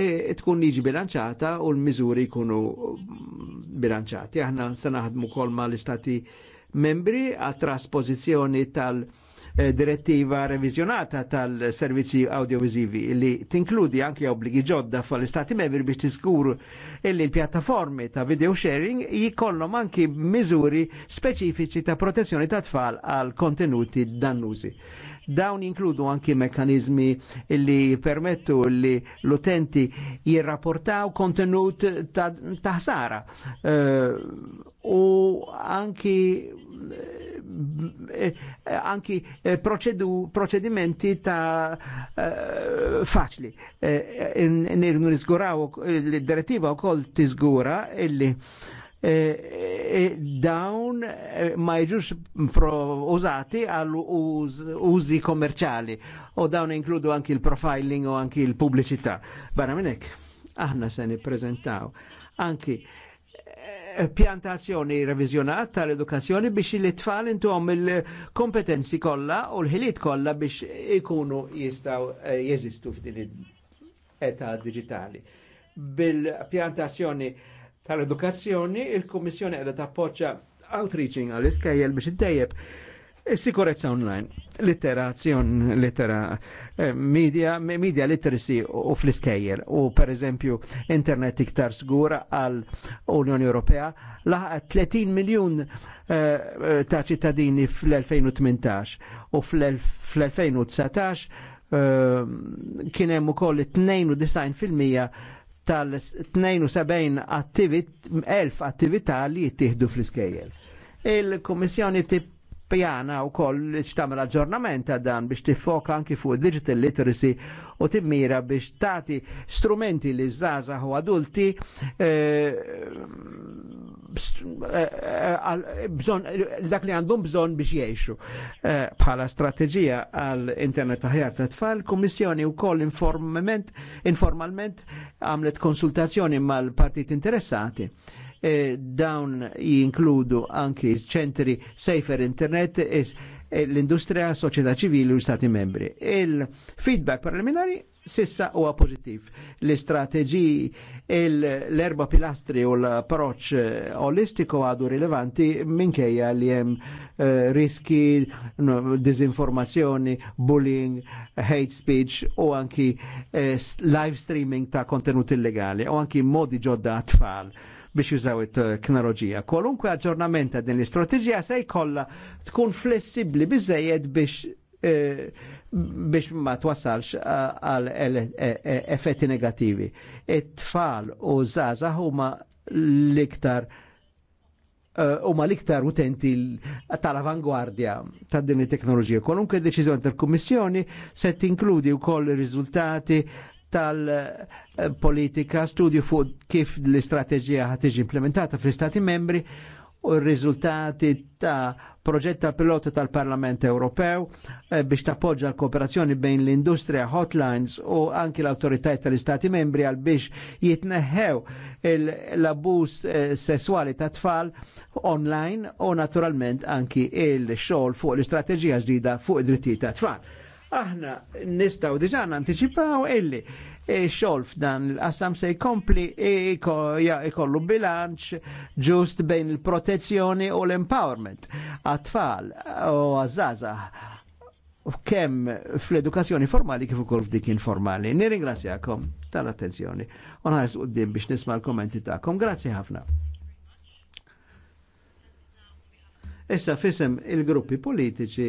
E, tkun liġi bilanċata u l-miżuri jkunu bilanċati. Aħna se naħdmu kol ma l-istati membri għal trasposizjoni tal-direttiva revizjonata tal-servizzi audiovisivi li tinkludi anke obbligi ġodda fl istati membri biex tiskuru illi l-pjattaformi ta' video sharing jikollhom anki miżuri speċifiċi ta' protezzjoni ta' tfal għal kontenuti dannużi. Dawn inkludu anki mekanizmi li permettu li l-utenti jirrapportaw kontenut ta' taħsara. Eh, u uh, anki eh, anki eh, procedimenti ta' uh, faċli. Uh, Nirguraw, il direttiva u koll tizgura illi uh, E, e, dawn e, ma jġux użati għal użi kommerċali u dawn inkludu anki il-profiling u anki il-pubbliċità. Barra minnek, aħna se nippreżentaw anki pjantazzjoni revizjonat tal-edukazzjoni biex li tfal intuhom il-kompetenzi kollha u l-ħiliet kollha biex ikunu jistaw jeżistu f'din ed-età digitali. Bil-pjantazzjoni tal-edukazzjoni, il-Kommissjoni qiegħda tappoġġa outreaching għall-iskejjel biex iddejjeb sikurezza online, litterazzjon, littera, eh, media, media literacy u fl-iskejjel u per eżempju internet iktar sgura għal Unjoni Ewropea laħa 30 miljun eh, eh, ta' ċittadini fl-2018 u fl-2019 kien hemm ukoll 92 fil-mija tal-72 attivit, 1000 attività li jittihdu fl-iskejjel. Il-Kommissjoni tip Pjana u koll li xtamel aġġornament ta' dan biex tifoka anki fuq digital literacy u timmira biex tati strumenti li zaza u adulti eh, eh, eh, dak li għandhom bżon biex jiexu. Bħala strategija għal internet taħjar ta' tfal, kummissjoni u koll informalment għamlet konsultazzjoni mal-partit interessati E dawn jinkludu anki ċentri Safer Internet, e, e, l-industrija, soċjetà ċivili u stati membri. Il-feedback preliminari sissa huwa pożittiv. L-istrateġiji, l-erba pilastri u l-approċ olistiku għadu rilevanti minkejja li hemm eh, riski, dizinformazzjoni, bullying, hate speech u anki live streaming ta' kontenut illegali u anki modi ġodda tfal biex jużaw it-teknoloġija. Kolunkwe aġġornament din l istrategija se jkollha tkun flessibbli biżejjed biex eh, biex ma twassalx eh, għal e- e- effetti negativi. It-tfal u zaza huma l-iktar eh, huma l-iktar utenti tal-avangwardja ta' din it-teknoloġija. Kolunkwe deċiżjoni tal-Kummissjoni se tinkludi wkoll koll riżultati tal-politika, studju fuq kif l-istrateġija ħatiġi implementata fl-Istati membri u r-riżultati ta' proġett tal pilota tal-Parlament Ewropew eh, biex tappoġġa l-kooperazzjoni bejn l-industrija hotlines u anki l-autoritajiet tal-Istati membri għal biex jitneħħew l abus eh, sessuali ta' tfal online u naturalment anki il-xogħol fuq l-istrateġija ġdida fuq id-drittijiet ta' tfal aħna nistaw diġan anticipaw illi e xolf dan l-qassam se jkompli e, jkollu bilanċ ġust bejn il-protezzjoni u l-empowerment għat-tfal u għazzaza kemm fl-edukazzjoni formali kif ukoll f'dik informali. Nirringrazzjakom tal-attenzjoni. d qudiem biex nisma' l-kommenti tagħkom. Grazzi ħafna. Issa fisem il-gruppi politiċi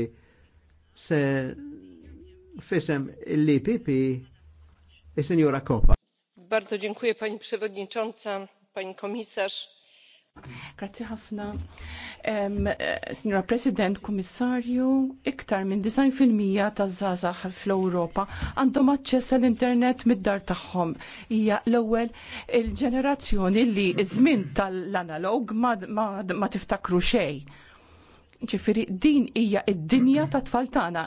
se Fisem l-IPP il-Senjura Kopa. Bardzo dziękuję Pani Przewodnicząca, Pani Komisarz. Grazie ħafna. Um, Signora President, Komissarju, iktar minn 90% ta' zazax fl-Europa għandhom aċċess għall-internet mid-dar tagħhom. Hija l-ewwel il-ġenerazzjoni li żmien tal-analog ma, ma, ma tiftakru xejn ċifiri, din hija id-dinja ta' tfal tagħna.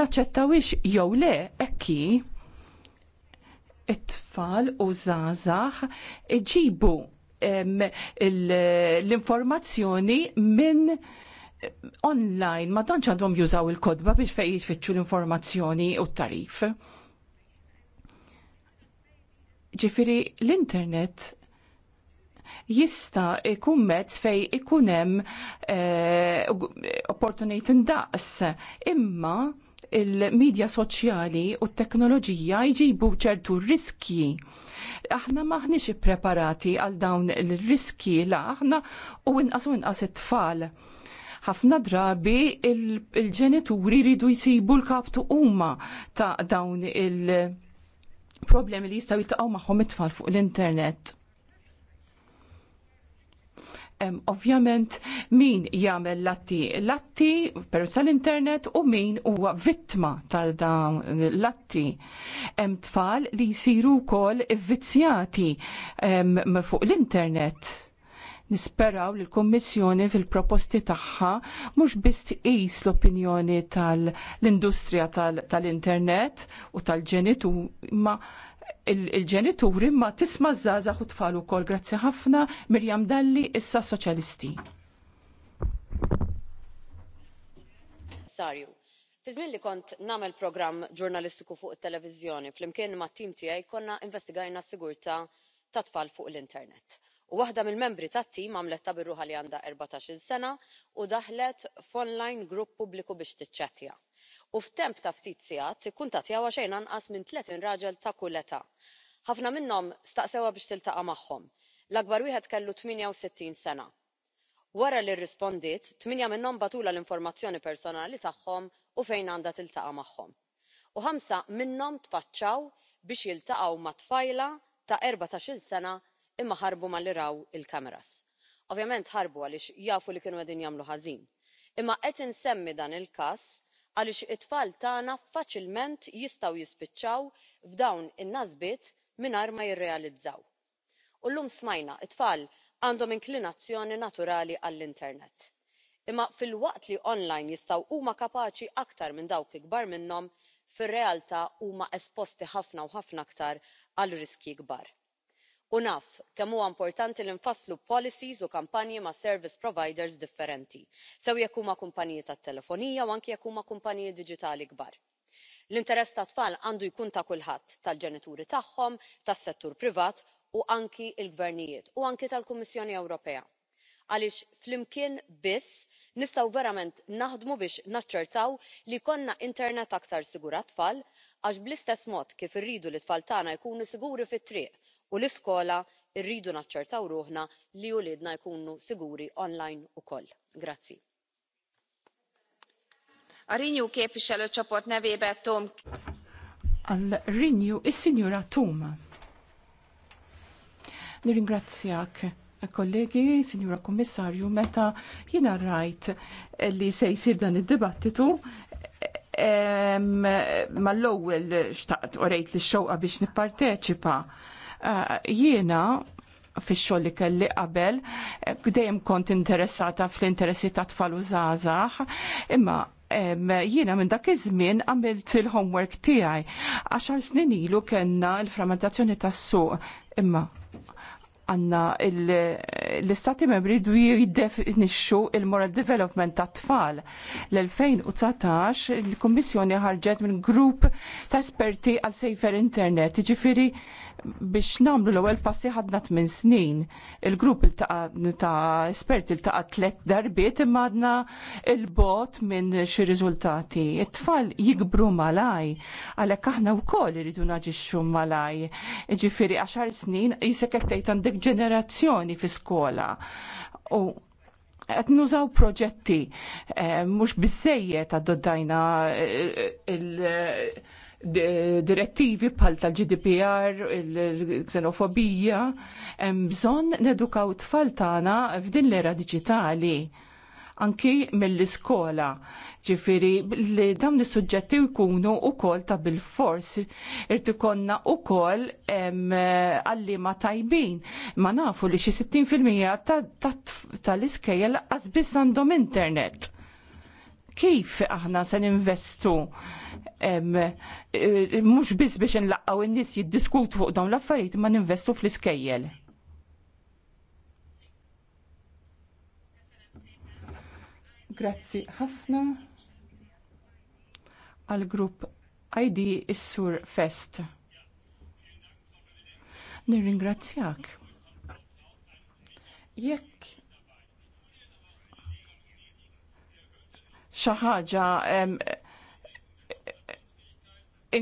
Naċċettawix jew le ekki it-tfal u żgħażagħ iġibu l-informazzjoni minn eh, online ma tantx għandhom jużaw il-kodba biex fejn jitfittxu l-informazzjoni u t-tarif. Ġifiri, l-internet jista ikun mezz fej ikun hemm eh, opportunit indaqs. Imma il-medja soċjali u t-teknoloġija jġibu ċertu riski. Aħna maħniex preparati għal dawn il-riski la aħna u inqas u inqas it-tfal. Ħafna drabi il-ġenituri il ridu jisibu l-kaptu huma ta' dawn il- problemi li jistaw jiltaqgħu magħhom it-tfal fuq l-internet ovvjament min jagħmel latti latti permezz tal-internet u min huwa vittma tal dawn latti. Hemm tfal li jsiru wkoll vizzjati fuq l-internet. Nisperaw li l-Kommissjoni fil-proposti tagħha mhux biss tqis l-opinjoni tal-industrija tal-internet u tal-ġenitu ma' il-ġenituri ma tisma' żgħażagħ u tfal ukoll. Grazzi ħafna Mirjam Dalli issa Soċjalisti. Sarju, fi żmien li kont nagħmel programm ġurnalistiku fuq it-televiżjoni flimkien ma' tim tiegħi konna investigajna s-sigurtà ta' tfal fuq l-internet u waħda mill-membri tat-tim għamlet ta' birruħa li għandha 14 il sena u daħlet f'online grupp pubbliku biex tiċċettja u f'temp ta' ftit sigħat ikkuntattjaw għal xejn anqas minn tletin raġel ta' kull età. ħafna minnhom staqsewha biex tiltaqa' magħhom l-akbar wieħed kellu 68 sittin sena. wara li rrispondiet tminja minnhom batula l-informazzjoni personali tagħhom u fejn għandha tiltaqa' magħhom u ħamsa minnhom tfaċċaw biex jiltaqgħu ma' tfajla ta' 14 il sena imma ħarbu malli raw il-kameras. ovvjament ħarbu għaliex jafu li kienu qegħdin jagħmlu ħażin imma qed insemmi dan il każ għaliex it tfal tagħna faċilment jistgħu jispiċċaw f'dawn in nażbiet mingħajr ma jirrealizzaw u llum smajna t tfal għandhom inklinazzjoni naturali għall internet imma filwaqt li online jistgħu huma kapaċi aktar minn dawk ikbar minnhom fir realtà huma esposti ħafna u ħafna aktar għal riskji kbar u naf kemm huwa importanti li nfasslu policies u kampanji ma' service providers differenti sew jekk huma kumpaniji tat-telefonija u anke jekk huma kumpaniji diġitali kbar. l-interess tat-tfal għandu jkun ta' kulħadd tal-ġenituri tagħhom tas-settur privat u anki l-gvernijiet u anki tal-kummissjoni ewropea għaliex flimkien biss nistgħu verament naħdmu biex naċċertaw li jkollna internet aktar sigur għat-tfal għax bl-istess mod kif irridu li t tfal tagħna jkunu siguri fit-triq u l-iskola rridu naċċertaw ruħna li wliedna jkunu siguri online ukoll. Nirringrazzjak kollegi, Sinjura Kommissarju, meta jiena rajt li se jsir dan id-dibattitu, mal-ewwel xtaqt u rejt li xewqa biex nipparteċipa Eh, jiena fix-xogħol li kelli qabel, eh, dejjem kont interessata fl-interessi ta' tfal u żgħażagħ, imma jiena minn dak iż-żmien għamilt il-homework tiegħi. Għaxar snin ilu kellna l-frammentazzjoni tas-suq imma għanna l-istati membri du jiddefinixxu il-moral development ta' tfal. L-2019 il-Kommissjoni ħarġet minn grupp ta' esperti għal sejfer internet, ġifiri biex namlu l-ewwel passi ħadna minn snin. Il-grupp ta' esperti il-taqa tlet darbiet imma għadna il-bot minn xi riżultati. It-tfal jikbru malaj, għalhekk aħna wkoll iridu naġixxu malaj. Ġifiri għaxar snin jisek tgħid għandek ġenerazzjoni fi skola. U għet nużaw proġetti eh, mhux mux bizzejiet għaddoddajna eh, il-direttivi eh, bħal tal-GDPR, il-xenofobija, bżon nedukaw tfal tagħna f'din l-era digitali anki mill-iskola. Ġifiri, li dawn is-suġġetti jkunu wkoll ta' bil-fors, irti konna u kol għallima tajbin. Ma nafu li xi 60% tal-iskejjel għazbis għandhom internet. Kif aħna se ninvestu eh, mhux biss biex nlaqgħu in-nies jiddiskutu fuq dawn l-affarijiet ma ninvestu fl-iskejjel. Grazzi ħafna għal grupp ID Issur Fest. Nirringrazzjak. Jekk xi ħaġa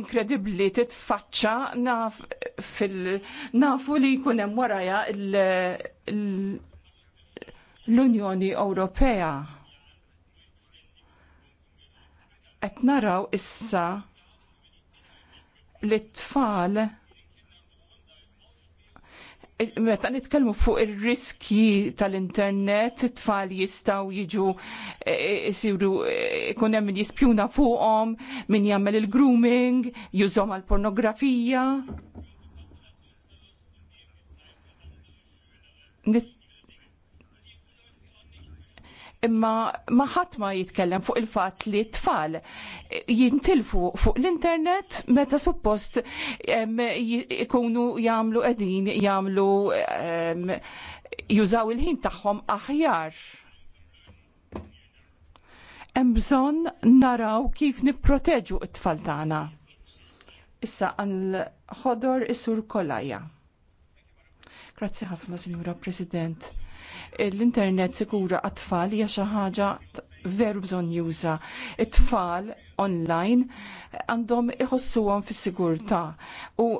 inkredibbli titfaċċa naf fil nafu li jkun hemm waraja l-Unjoni Ewropea qed naraw issa li t-tfal meta nitkellmu fuq ir-riski tal-internet, it-tfal jistgħu jiġu jsiru e, e, e, ikun hemm min jispjuna fuqhom, min jagħmel il-grooming, jużhom għall pornografija imma maħat ma jitkellem fuq il-fat li tfal jintilfu fuq l-internet meta suppost ikunu jamlu edin, jamlu jużaw il-ħin tagħhom aħjar. Hemm bżonn naraw kif nipproteġu t-tfal tagħna. Issa għall ħodor is-sur Kolaja. Grazzi ħafna, Sinjura President l-internet sikura għat-tfal hija xi ħaġa veru bżonn juża. It-tfal online għandhom iħossuhom fis-sigurtà u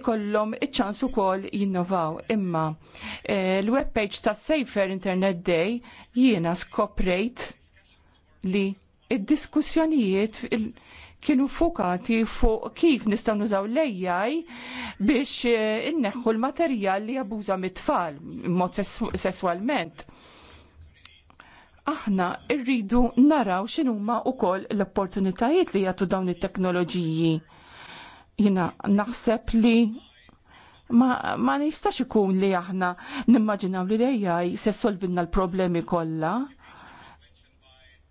ikollhom iċ-ċans ukoll jinnovaw. Imma eh, l-web page ta' Safer Internet Day jiena skoprejt li id-diskussjonijiet kienu fukati fuq kif nistgħu nużaw l-AI biex eh, inneħħu l-materjal li jabuża mit-tfal mod sesswalment. Aħna rridu naraw x'inhuma wkoll l-opportunitajiet li jagħtu dawn it-teknoloġiji. Jiena naħseb li ma, ma nistax ikun li aħna nimmaġinaw li l-AI se solvinna l-problemi kollha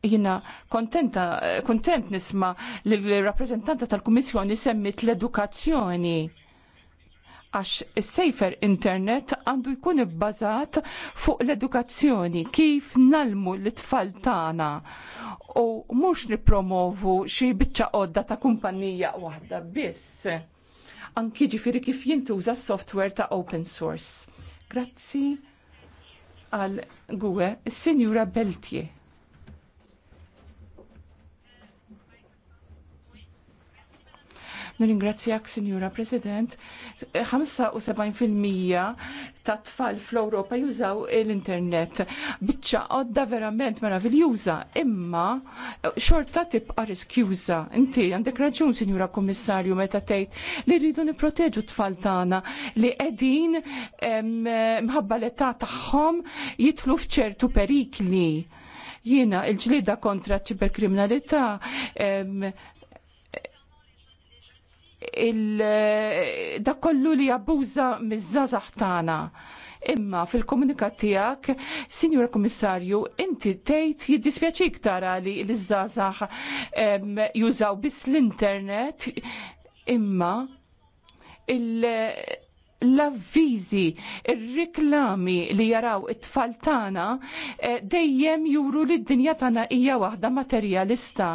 jina kontenta, kontent nisma li l-rappresentanta tal-Kummissjoni semmit l-edukazzjoni għax is-sejfer internet għandu jkun ibbażat fuq l-edukazzjoni, kif nalmu l-tfal tagħna u mhux nippromovu xi biċċa qodda ta' kumpanija waħda biss. Anki ġifiri kif jintuża s-software ta' open source. Grazzi għal gwe, sinjura Beltie. Nirringrazzjak, Sinjura President. 75% ta' tfal fl-Ewropa jużaw l-internet. Biċċa għodda verament meraviljuża, imma xorta tibqa' riskjuża. Inti għandek raġun, Sinjura Kommissarju, meta tgħid li rridu nipproteġu tfal tagħna li qegħdin mħabba l-età tagħhom jidħlu f'ċertu perikli jiena il-ġlida kontra ċiberkriminalità da kollu li jabbuża miż tana. tagħna. Imma fil-komunikat tiegħek, Sinjura Kummissarju, inti tgħid jiddispjaċik tara li l izzazax jużaw biss l-internet imma il- l-avvizi, il-riklami li jaraw it-tfal eh, dejjem juru li d-dinja tana hija waħda materjalista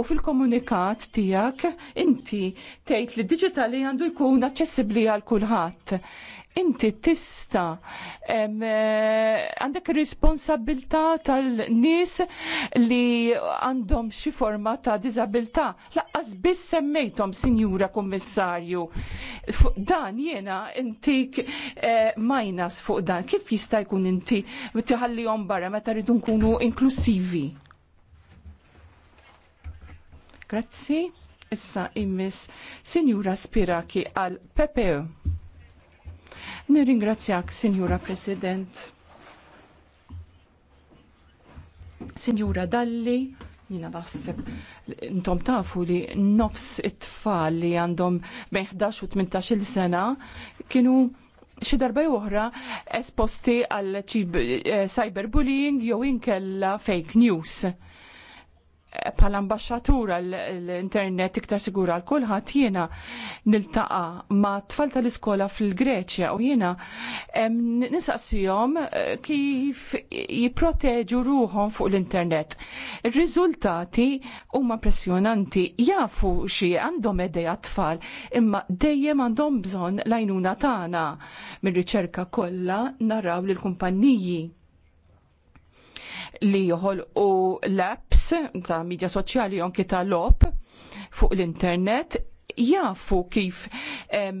u fil-komunikat tijak inti tgħid li digitali għandu jkun aċċessibbli għal kulħadd inti tista eh, għandek responsabilta tal-nis li għandhom xi forma ta' dizabilta. Laqqas biss semmejtom, Sinjura Kummissarju. Dan jena intik majnas eh, minus fuq dan. Kif jista' jkun inti tiħallihom barra meta rridu nkunu inklusivi? Grazzi. Issa immis Sinjura Spiraki għal Pepeo. Nirringrazzjak, Sinjura President. Sinjura Dalli, jina naħseb, intom tafu li nofs it-tfal li għandhom bejn 11 u 18 sena kienu xi darba oħra esposti għal eh, cyberbullying jew inkella fake news pal ambasċatura l-internet iktar sigura għal kulħadd jiena niltaqa ma tfal tal-iskola fil-Greċja u jiena nisaqsihom eh, kif jipproteġu ruhom fuq l-internet. Ir-riżultati huma impressjonanti jafu xi għandhom edej tfal imma dejjem għandhom bżonn l-għajnuna tagħna. Mir-riċerka kollha naraw lill kumpanniji li joħolqu l-app nies ta' media soċjali anki ta' lob fuq l-internet jafu kif eh,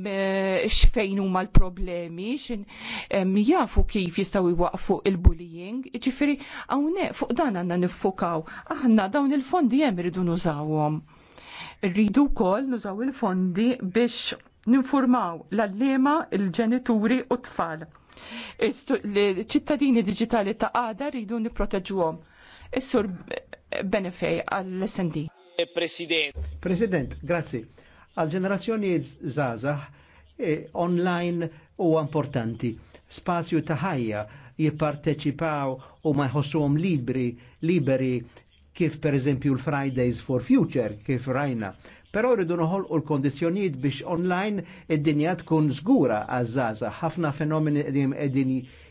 xfejn huma l-problemi, jafu kif jistgħu jwaqfu il-bullying, ġifiri hawnhekk fuq dan għandna niffukaw, aħna dawn il-fondi hemm irridu nużawhom. Rridu wkoll nużaw il-fondi biex ninformaw l-allema, il-ġenituri u t-tfal. Ċittadini digitali ta' għada rridu niproteġuhom benefej għall-SND. E President. President, grazzi. Għal-ġenerazzjoni zazah eh, online u importanti, spazju ta' ħajja jipparteċipaw u ma jħossuhom libri, liberi kif per eżempju l-Fridays for Future, kif rajna. Pero rridu u l kondizjoniet biex online id-dinja tkun zgura għazzaza. Ħafna fenomeni qegħdin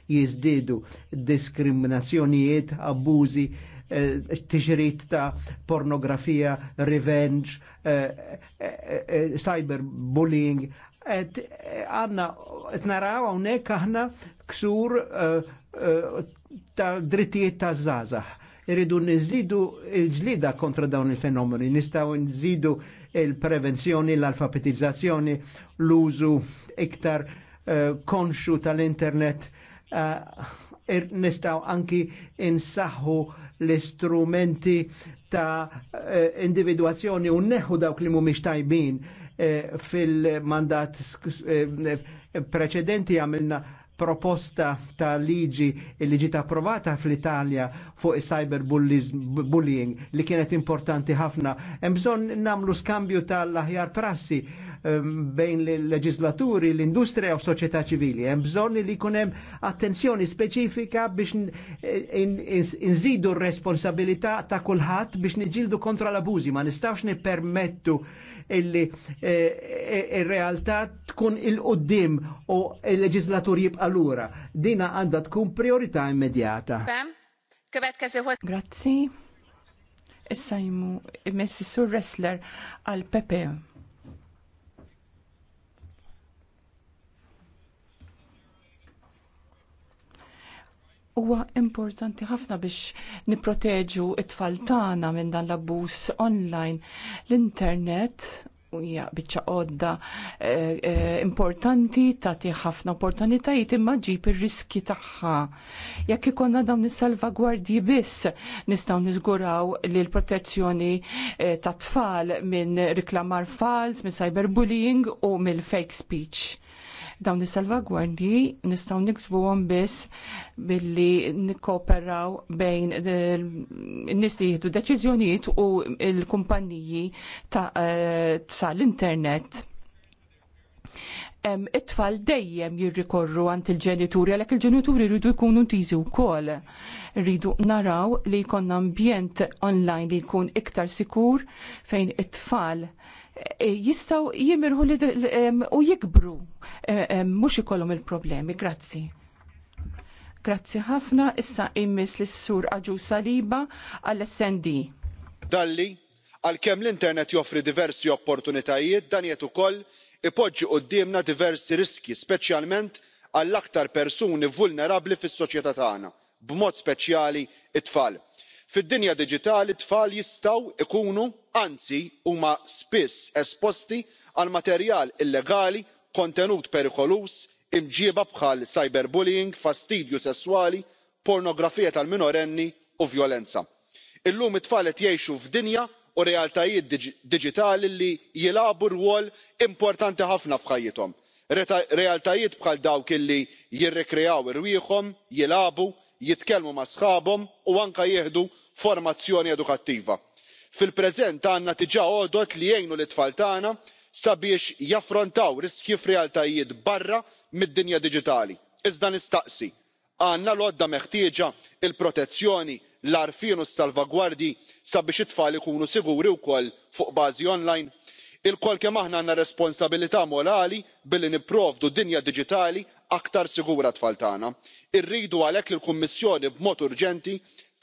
qegħdin diskriminazzjonijiet, abbużi, Eh, t tiġrit ta' pornografija, revenge, eh, eh, cyberbullying, għanna, t-naraw għonek aħna ksur ta' drittijiet ta' zazax. Irridu nżidu il-ġlida kontra dawn il-fenomeni, nistaw nżidu il-prevenzjoni, l-alfabetizzazzjoni, l-użu iktar konxu tal-internet, nistaw anki insaħħu l-istrumenti ta' eh, individuazzjoni u neħu dawk li mumiex tajbin eh, fil-mandat eh, preċedenti għamilna proposta ta' liġi li ġiet approvata fl-Italja fuq cyberbullying li kienet importanti ħafna. Hemm bżonn nagħmlu skambju tal-aħjar prassi Ehm, bejn l-leġislaturi, l-industrija u soċjetà ċivili. Hemm bżonn li jkun hemm attenzjoni speċifika biex nżidu r-responsabilità ta' kulħadd biex niġildu kontra l-abużi. Ma nistax nippermettu illi eh, eh, ir-realtà tkun il-qoddim u l-leġislatur jibqa' lura. Dina għandha tkun priorità immedjata. Grazzi. Issa jimu messi sur wrestler għal Pepe. Huwa importanti ħafna biex nipproteġu it-tfal tagħna minn dan l-abbuż online. L-internet hija biċċa għodda eh, eh, importanti tagħti ħafna opportunitajiet imma ġib ir-riski tagħha. Jekk ikonna dawn is-salvagwardji biss nistgħu niżguraw li l-protezzjoni eh, tat tfal minn riklamar fals, minn cyberbullying u mill fake speech. Dawn is-salvagwardji nistgħu niksbuhom biss billi nikkooperaw bejn n-nies li jieħdu deċiżjonijiet u l-kumpanniji eh, tal-internet. It-tfal dejjem jirrikorru għand il-ġenituri, għalhekk il-ġenituri rridu jkunu ntiżi wkoll. Rridu naraw li jkollna ambjent online li jkun iktar sikur fejn it-tfal Eh, jistaw jimirħu li u jikbru eh, mux ikollhom il-problemi. Grazzi. Grazzi ħafna, issa immis s sur Aġu Saliba għall-SND. Dalli, għal-kem l-internet joffri diversi opportunitajiet, dan jett ukoll ipoġġi qudiemna diversi riski, speċjalment għall-aktar persuni vulnerabbli fis-soċjetà tagħna b'mod speċjali it-tfal fid dinja diġitali t-tfal jistgħu jkunu anzi huma spiss esposti għal materjal illegali kontenut perikolus imġiba bħal cyberbullying fastidju sesswali pornografija tal minorenni u vjolenza. illum it-tfal qed jgħixu f'dinja u realtajiet diġitali li jilagħbu rwol importanti ħafna f'ħajjithom realtajiet bħal dawk illi jirrikreaw irwieħhom jilagħbu jitkellmu ma' sħabhom u anke jieħdu formazzjoni edukattiva. fil preżent għandna diġà għodod li jgħinu lit tfal tagħna sabiex jaffrontaw riskji f'realtajiet barra mid-dinja diġitali iżda nistaqsi għandna l-għodda meħtieġa il protezzjoni l għarfien u s salvagwardji sabiex it tfal ikunu siguri wkoll fuq bażi online? ilkoll kemm aħna għandna responsabbiltà morali billi nipprovdu dinja diġitali aktar sigura għat-tfal tagħna. irridu għalhekk li l-kummissjoni b'mod urġenti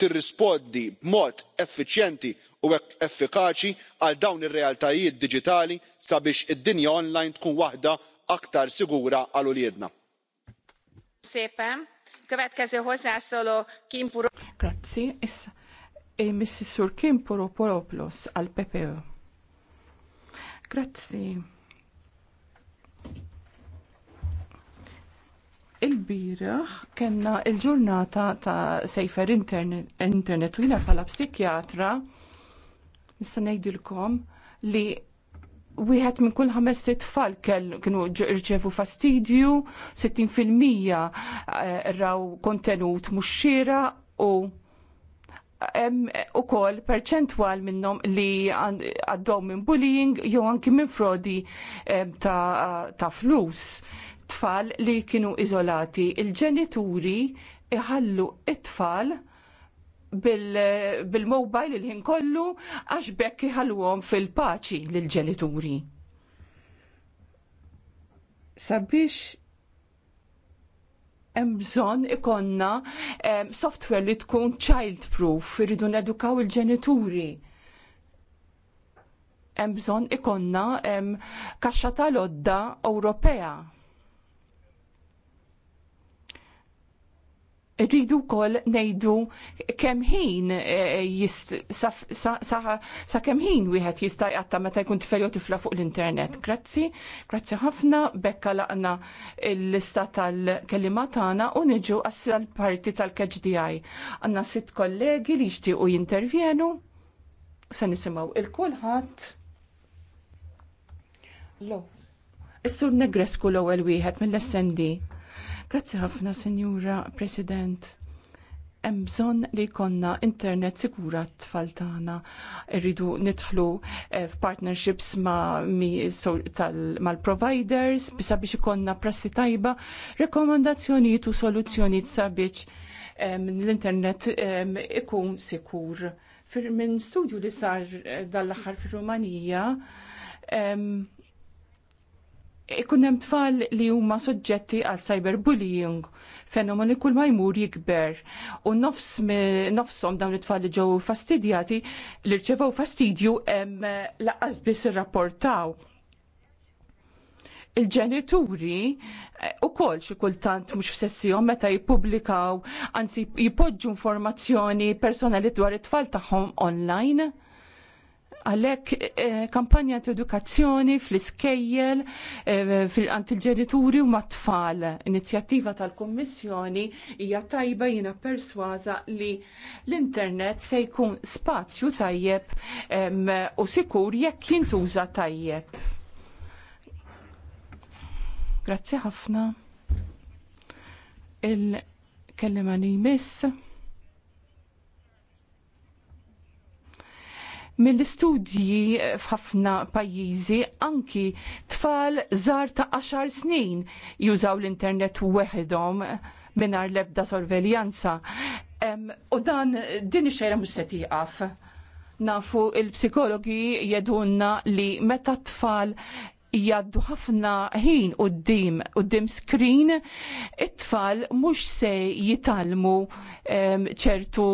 tirrispondi b'mod effiċjenti u effikaċi għal dawn ir-realtajiet diġitali sabiex id-dinja online tkun waħda aktar sigura għal uliedna. Grazzi, eh, Mrs. Poropoulos għal PPE. Grazzi. Il-biraħ kena il-ġurnata ta' sejfer internet, internet u jina pala psikjatra nista' ngħidilkom li wieħed minn kull ħames tfal kienu rċevu fastidju, 60% eh, raw kontenut mhux xira u u kol perċentwal minnom li għaddew minn bullying jew anki minn frodi eh, ta', ta flus tfal li kienu izolati. Il-ġenituri iħallu it-tfal bil-mobile bil il-ħin kollu għax bekk iħalluhom fil-paċi lil ġenituri Sabiex hemm bżonn ikonna software li tkun child-proof, irridu nedukaw il-ġenituri hemm bżonn ikollna kaxxa tal-odda Ewropea rridu wkoll ngħidu kemm ħin eh, sa kemm ħin wieħed jista' jqatta meta jkun tfel tifla fuq l-internet. Grazzi, grazzi ħafna bekka laqna l-lista tal-kelima tagħna u niġu għas parti tal-KGDI. Għanna sitt kollegi li jixtiequ jintervjenu. Se nisimgħu il-kulħadd. Lo. Is-sur Negresku l-ewwel wieħed mill-SND. Grazzi ħafna, Sinjura President hemm bżonn li jkollna internet sikura t-tfal tagħna. Irridu nidħlu eh, f'partnerships mal-providers sabiex ikollna prassi tajba, rekomandazzjonijiet u soluzzjonijiet sabiex ehm, l-internet ehm, ikun sikur. Minn studju li sar eh, dal-aħħar fir-Rumanija, ehm, ikun hemm tfal li huma soġġetti għal cyberbullying fenomeni kull ma jmur jikber. U nofs nofsom dawn it-tfal li ġew fastidjati li rċevew fastidju hemm laqqas biss irrapportaw. Il-ġenituri eh, u kol xie kultant mux f'sessijom meta jipublikaw, anzi jipoġġu informazzjoni personali dwar it-tfal tagħhom online għalek eh, kampanja ta' edukazzjoni fl-iskejjel, eh, fil-għant il-ġenituri u mat-tfal. Inizjattiva tal-Kommissjoni hija tajba jina perswaza li l-internet se jkun spazju tajjeb u sikur jekk jintuża tajjeb. Grazzi ħafna. Il-kellima li jmiss. mill-istudji f'ħafna pajjiżi anki tfal żar ta' 10 snin jużaw l-internet weħedhom mingħajr l-ebda sorveljanza. U dan din ix-xejra mhux se tieqaf. Nafu il-psikologi jedunna li meta tfal jaddu ħafna ħin qoddim qoddim screen it-tfal mhux se jitalmu ċertu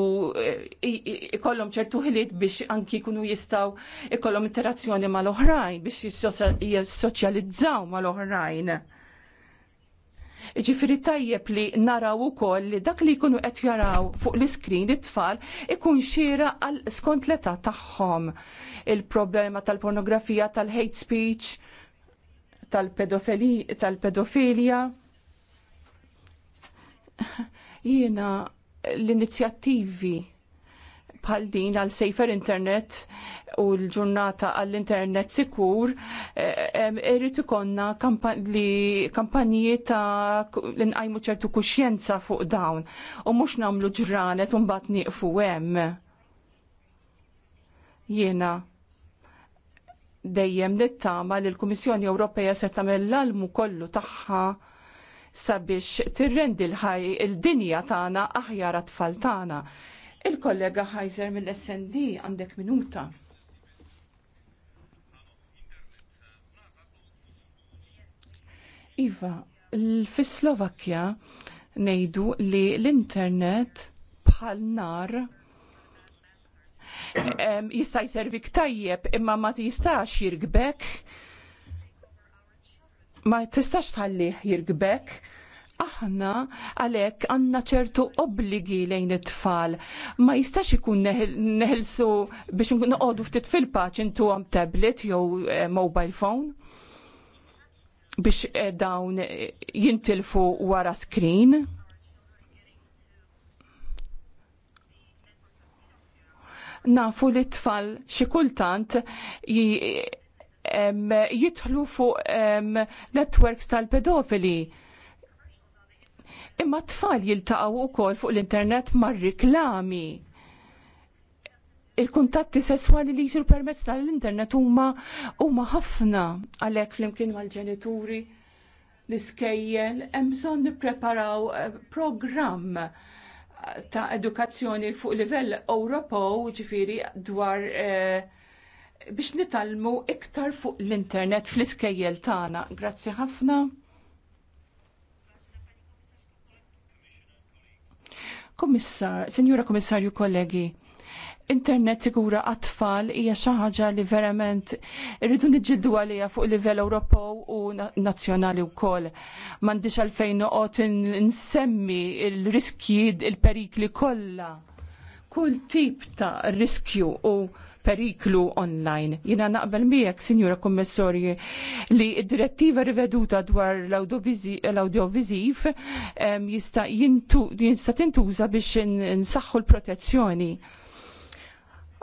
ikollhom ċertu ħiliet biex anki jkunu jistgħu ikollhom interazzjoni mal-oħrajn biex jissoċjalizzaw mal-oħrajn. Ġifiri tajjeb li naraw ukoll li dak li jkunu qed jaraw fuq l-iskrin it-tfal ikun xira għal skont l-età tagħhom. Il-problema tal-pornografija tal-hate speech tal-pedofilja. Jiena l-inizjattivi bħal din għal safer internet u l-ġurnata għall internet sikur eh, eh, irrid ikonna kampanji ta' l-inqajmu ċertu kuxjenza fuq dawn u mhux nagħmlu ġranet u mbagħad nieqfu hemm. Jiena dejjem nittama li l-Kummissjoni Ewropea se tagħmel l-almu kollu tagħha sabiex tirrendi l-ħaj il-dinja tagħna aħjar tfal tagħna. Il-kollega Heiser mill-SND għandek minuta. Iva, fis Slovakkja ngħidu li l-internet bħal nar jista' jservik tajjeb imma ma tistax jirgbek Ma tistax tħalli jirkbek aħna għalek għanna ċertu obbligi lejn it-tfal. Ma jistax ikun neħelsu biex noqogħdu ftit fil-paċ intu għam tablet jew eh, mobile phone biex eh, dawn eh, jintilfu wara screen. nafu li tfal xi kultant jidħlu fuq networks tal-pedofili. Imma tfal jiltaqgħu wkoll fuq l-internet mar-riklami il-kuntatti sesswali li jisiru permezz tal-internet huma huma ħafna għalhekk flimkien mal-ġenituri l-iskejjel hemm bżonn nippreparaw eh, programm ta' edukazzjoni fuq livell Ewropew ġifiri dwar eh, biex nitalmu iktar fuq l-internet fl-iskejjel tagħna. Grazzi ħafna. Kommissar, Sinjura Kommissarju kollegi, internet sigura għat-tfal hija xi ħaġa li verament irridu niġġieldu għaliha fuq livell Ewropew u nazzjonali wkoll. M'għandix għalfejn noqgħod nsemmi il-riskji il-perikli kollha. Kull tip ta' riskju u periklu online. Jina naqbel miegħek, Sinjura Kommessorji, li d-direttiva riveduta dwar l-audiovisiv jista' tintuża biex nsaħħu l-protezzjoni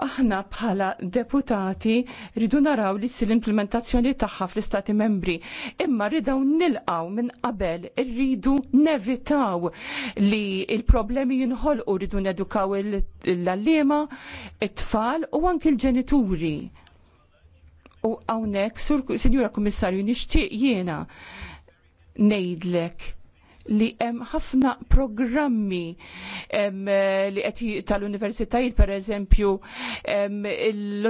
aħna bħala deputati rridu naraw li s implementazzjoni tagħha fl-istati membri. Imma ridaw nilqaw minn qabel, rridu nevitaw li il-problemi jinħolqu rridu nedukaw l-allima, it-tfal u għank l-ġenituri. U għawnek, Sinjura Komissarju, nixtieq jiena ngħidlek li hemm ħafna programmi em, eh, li qed tal-universitajiet pereżempju l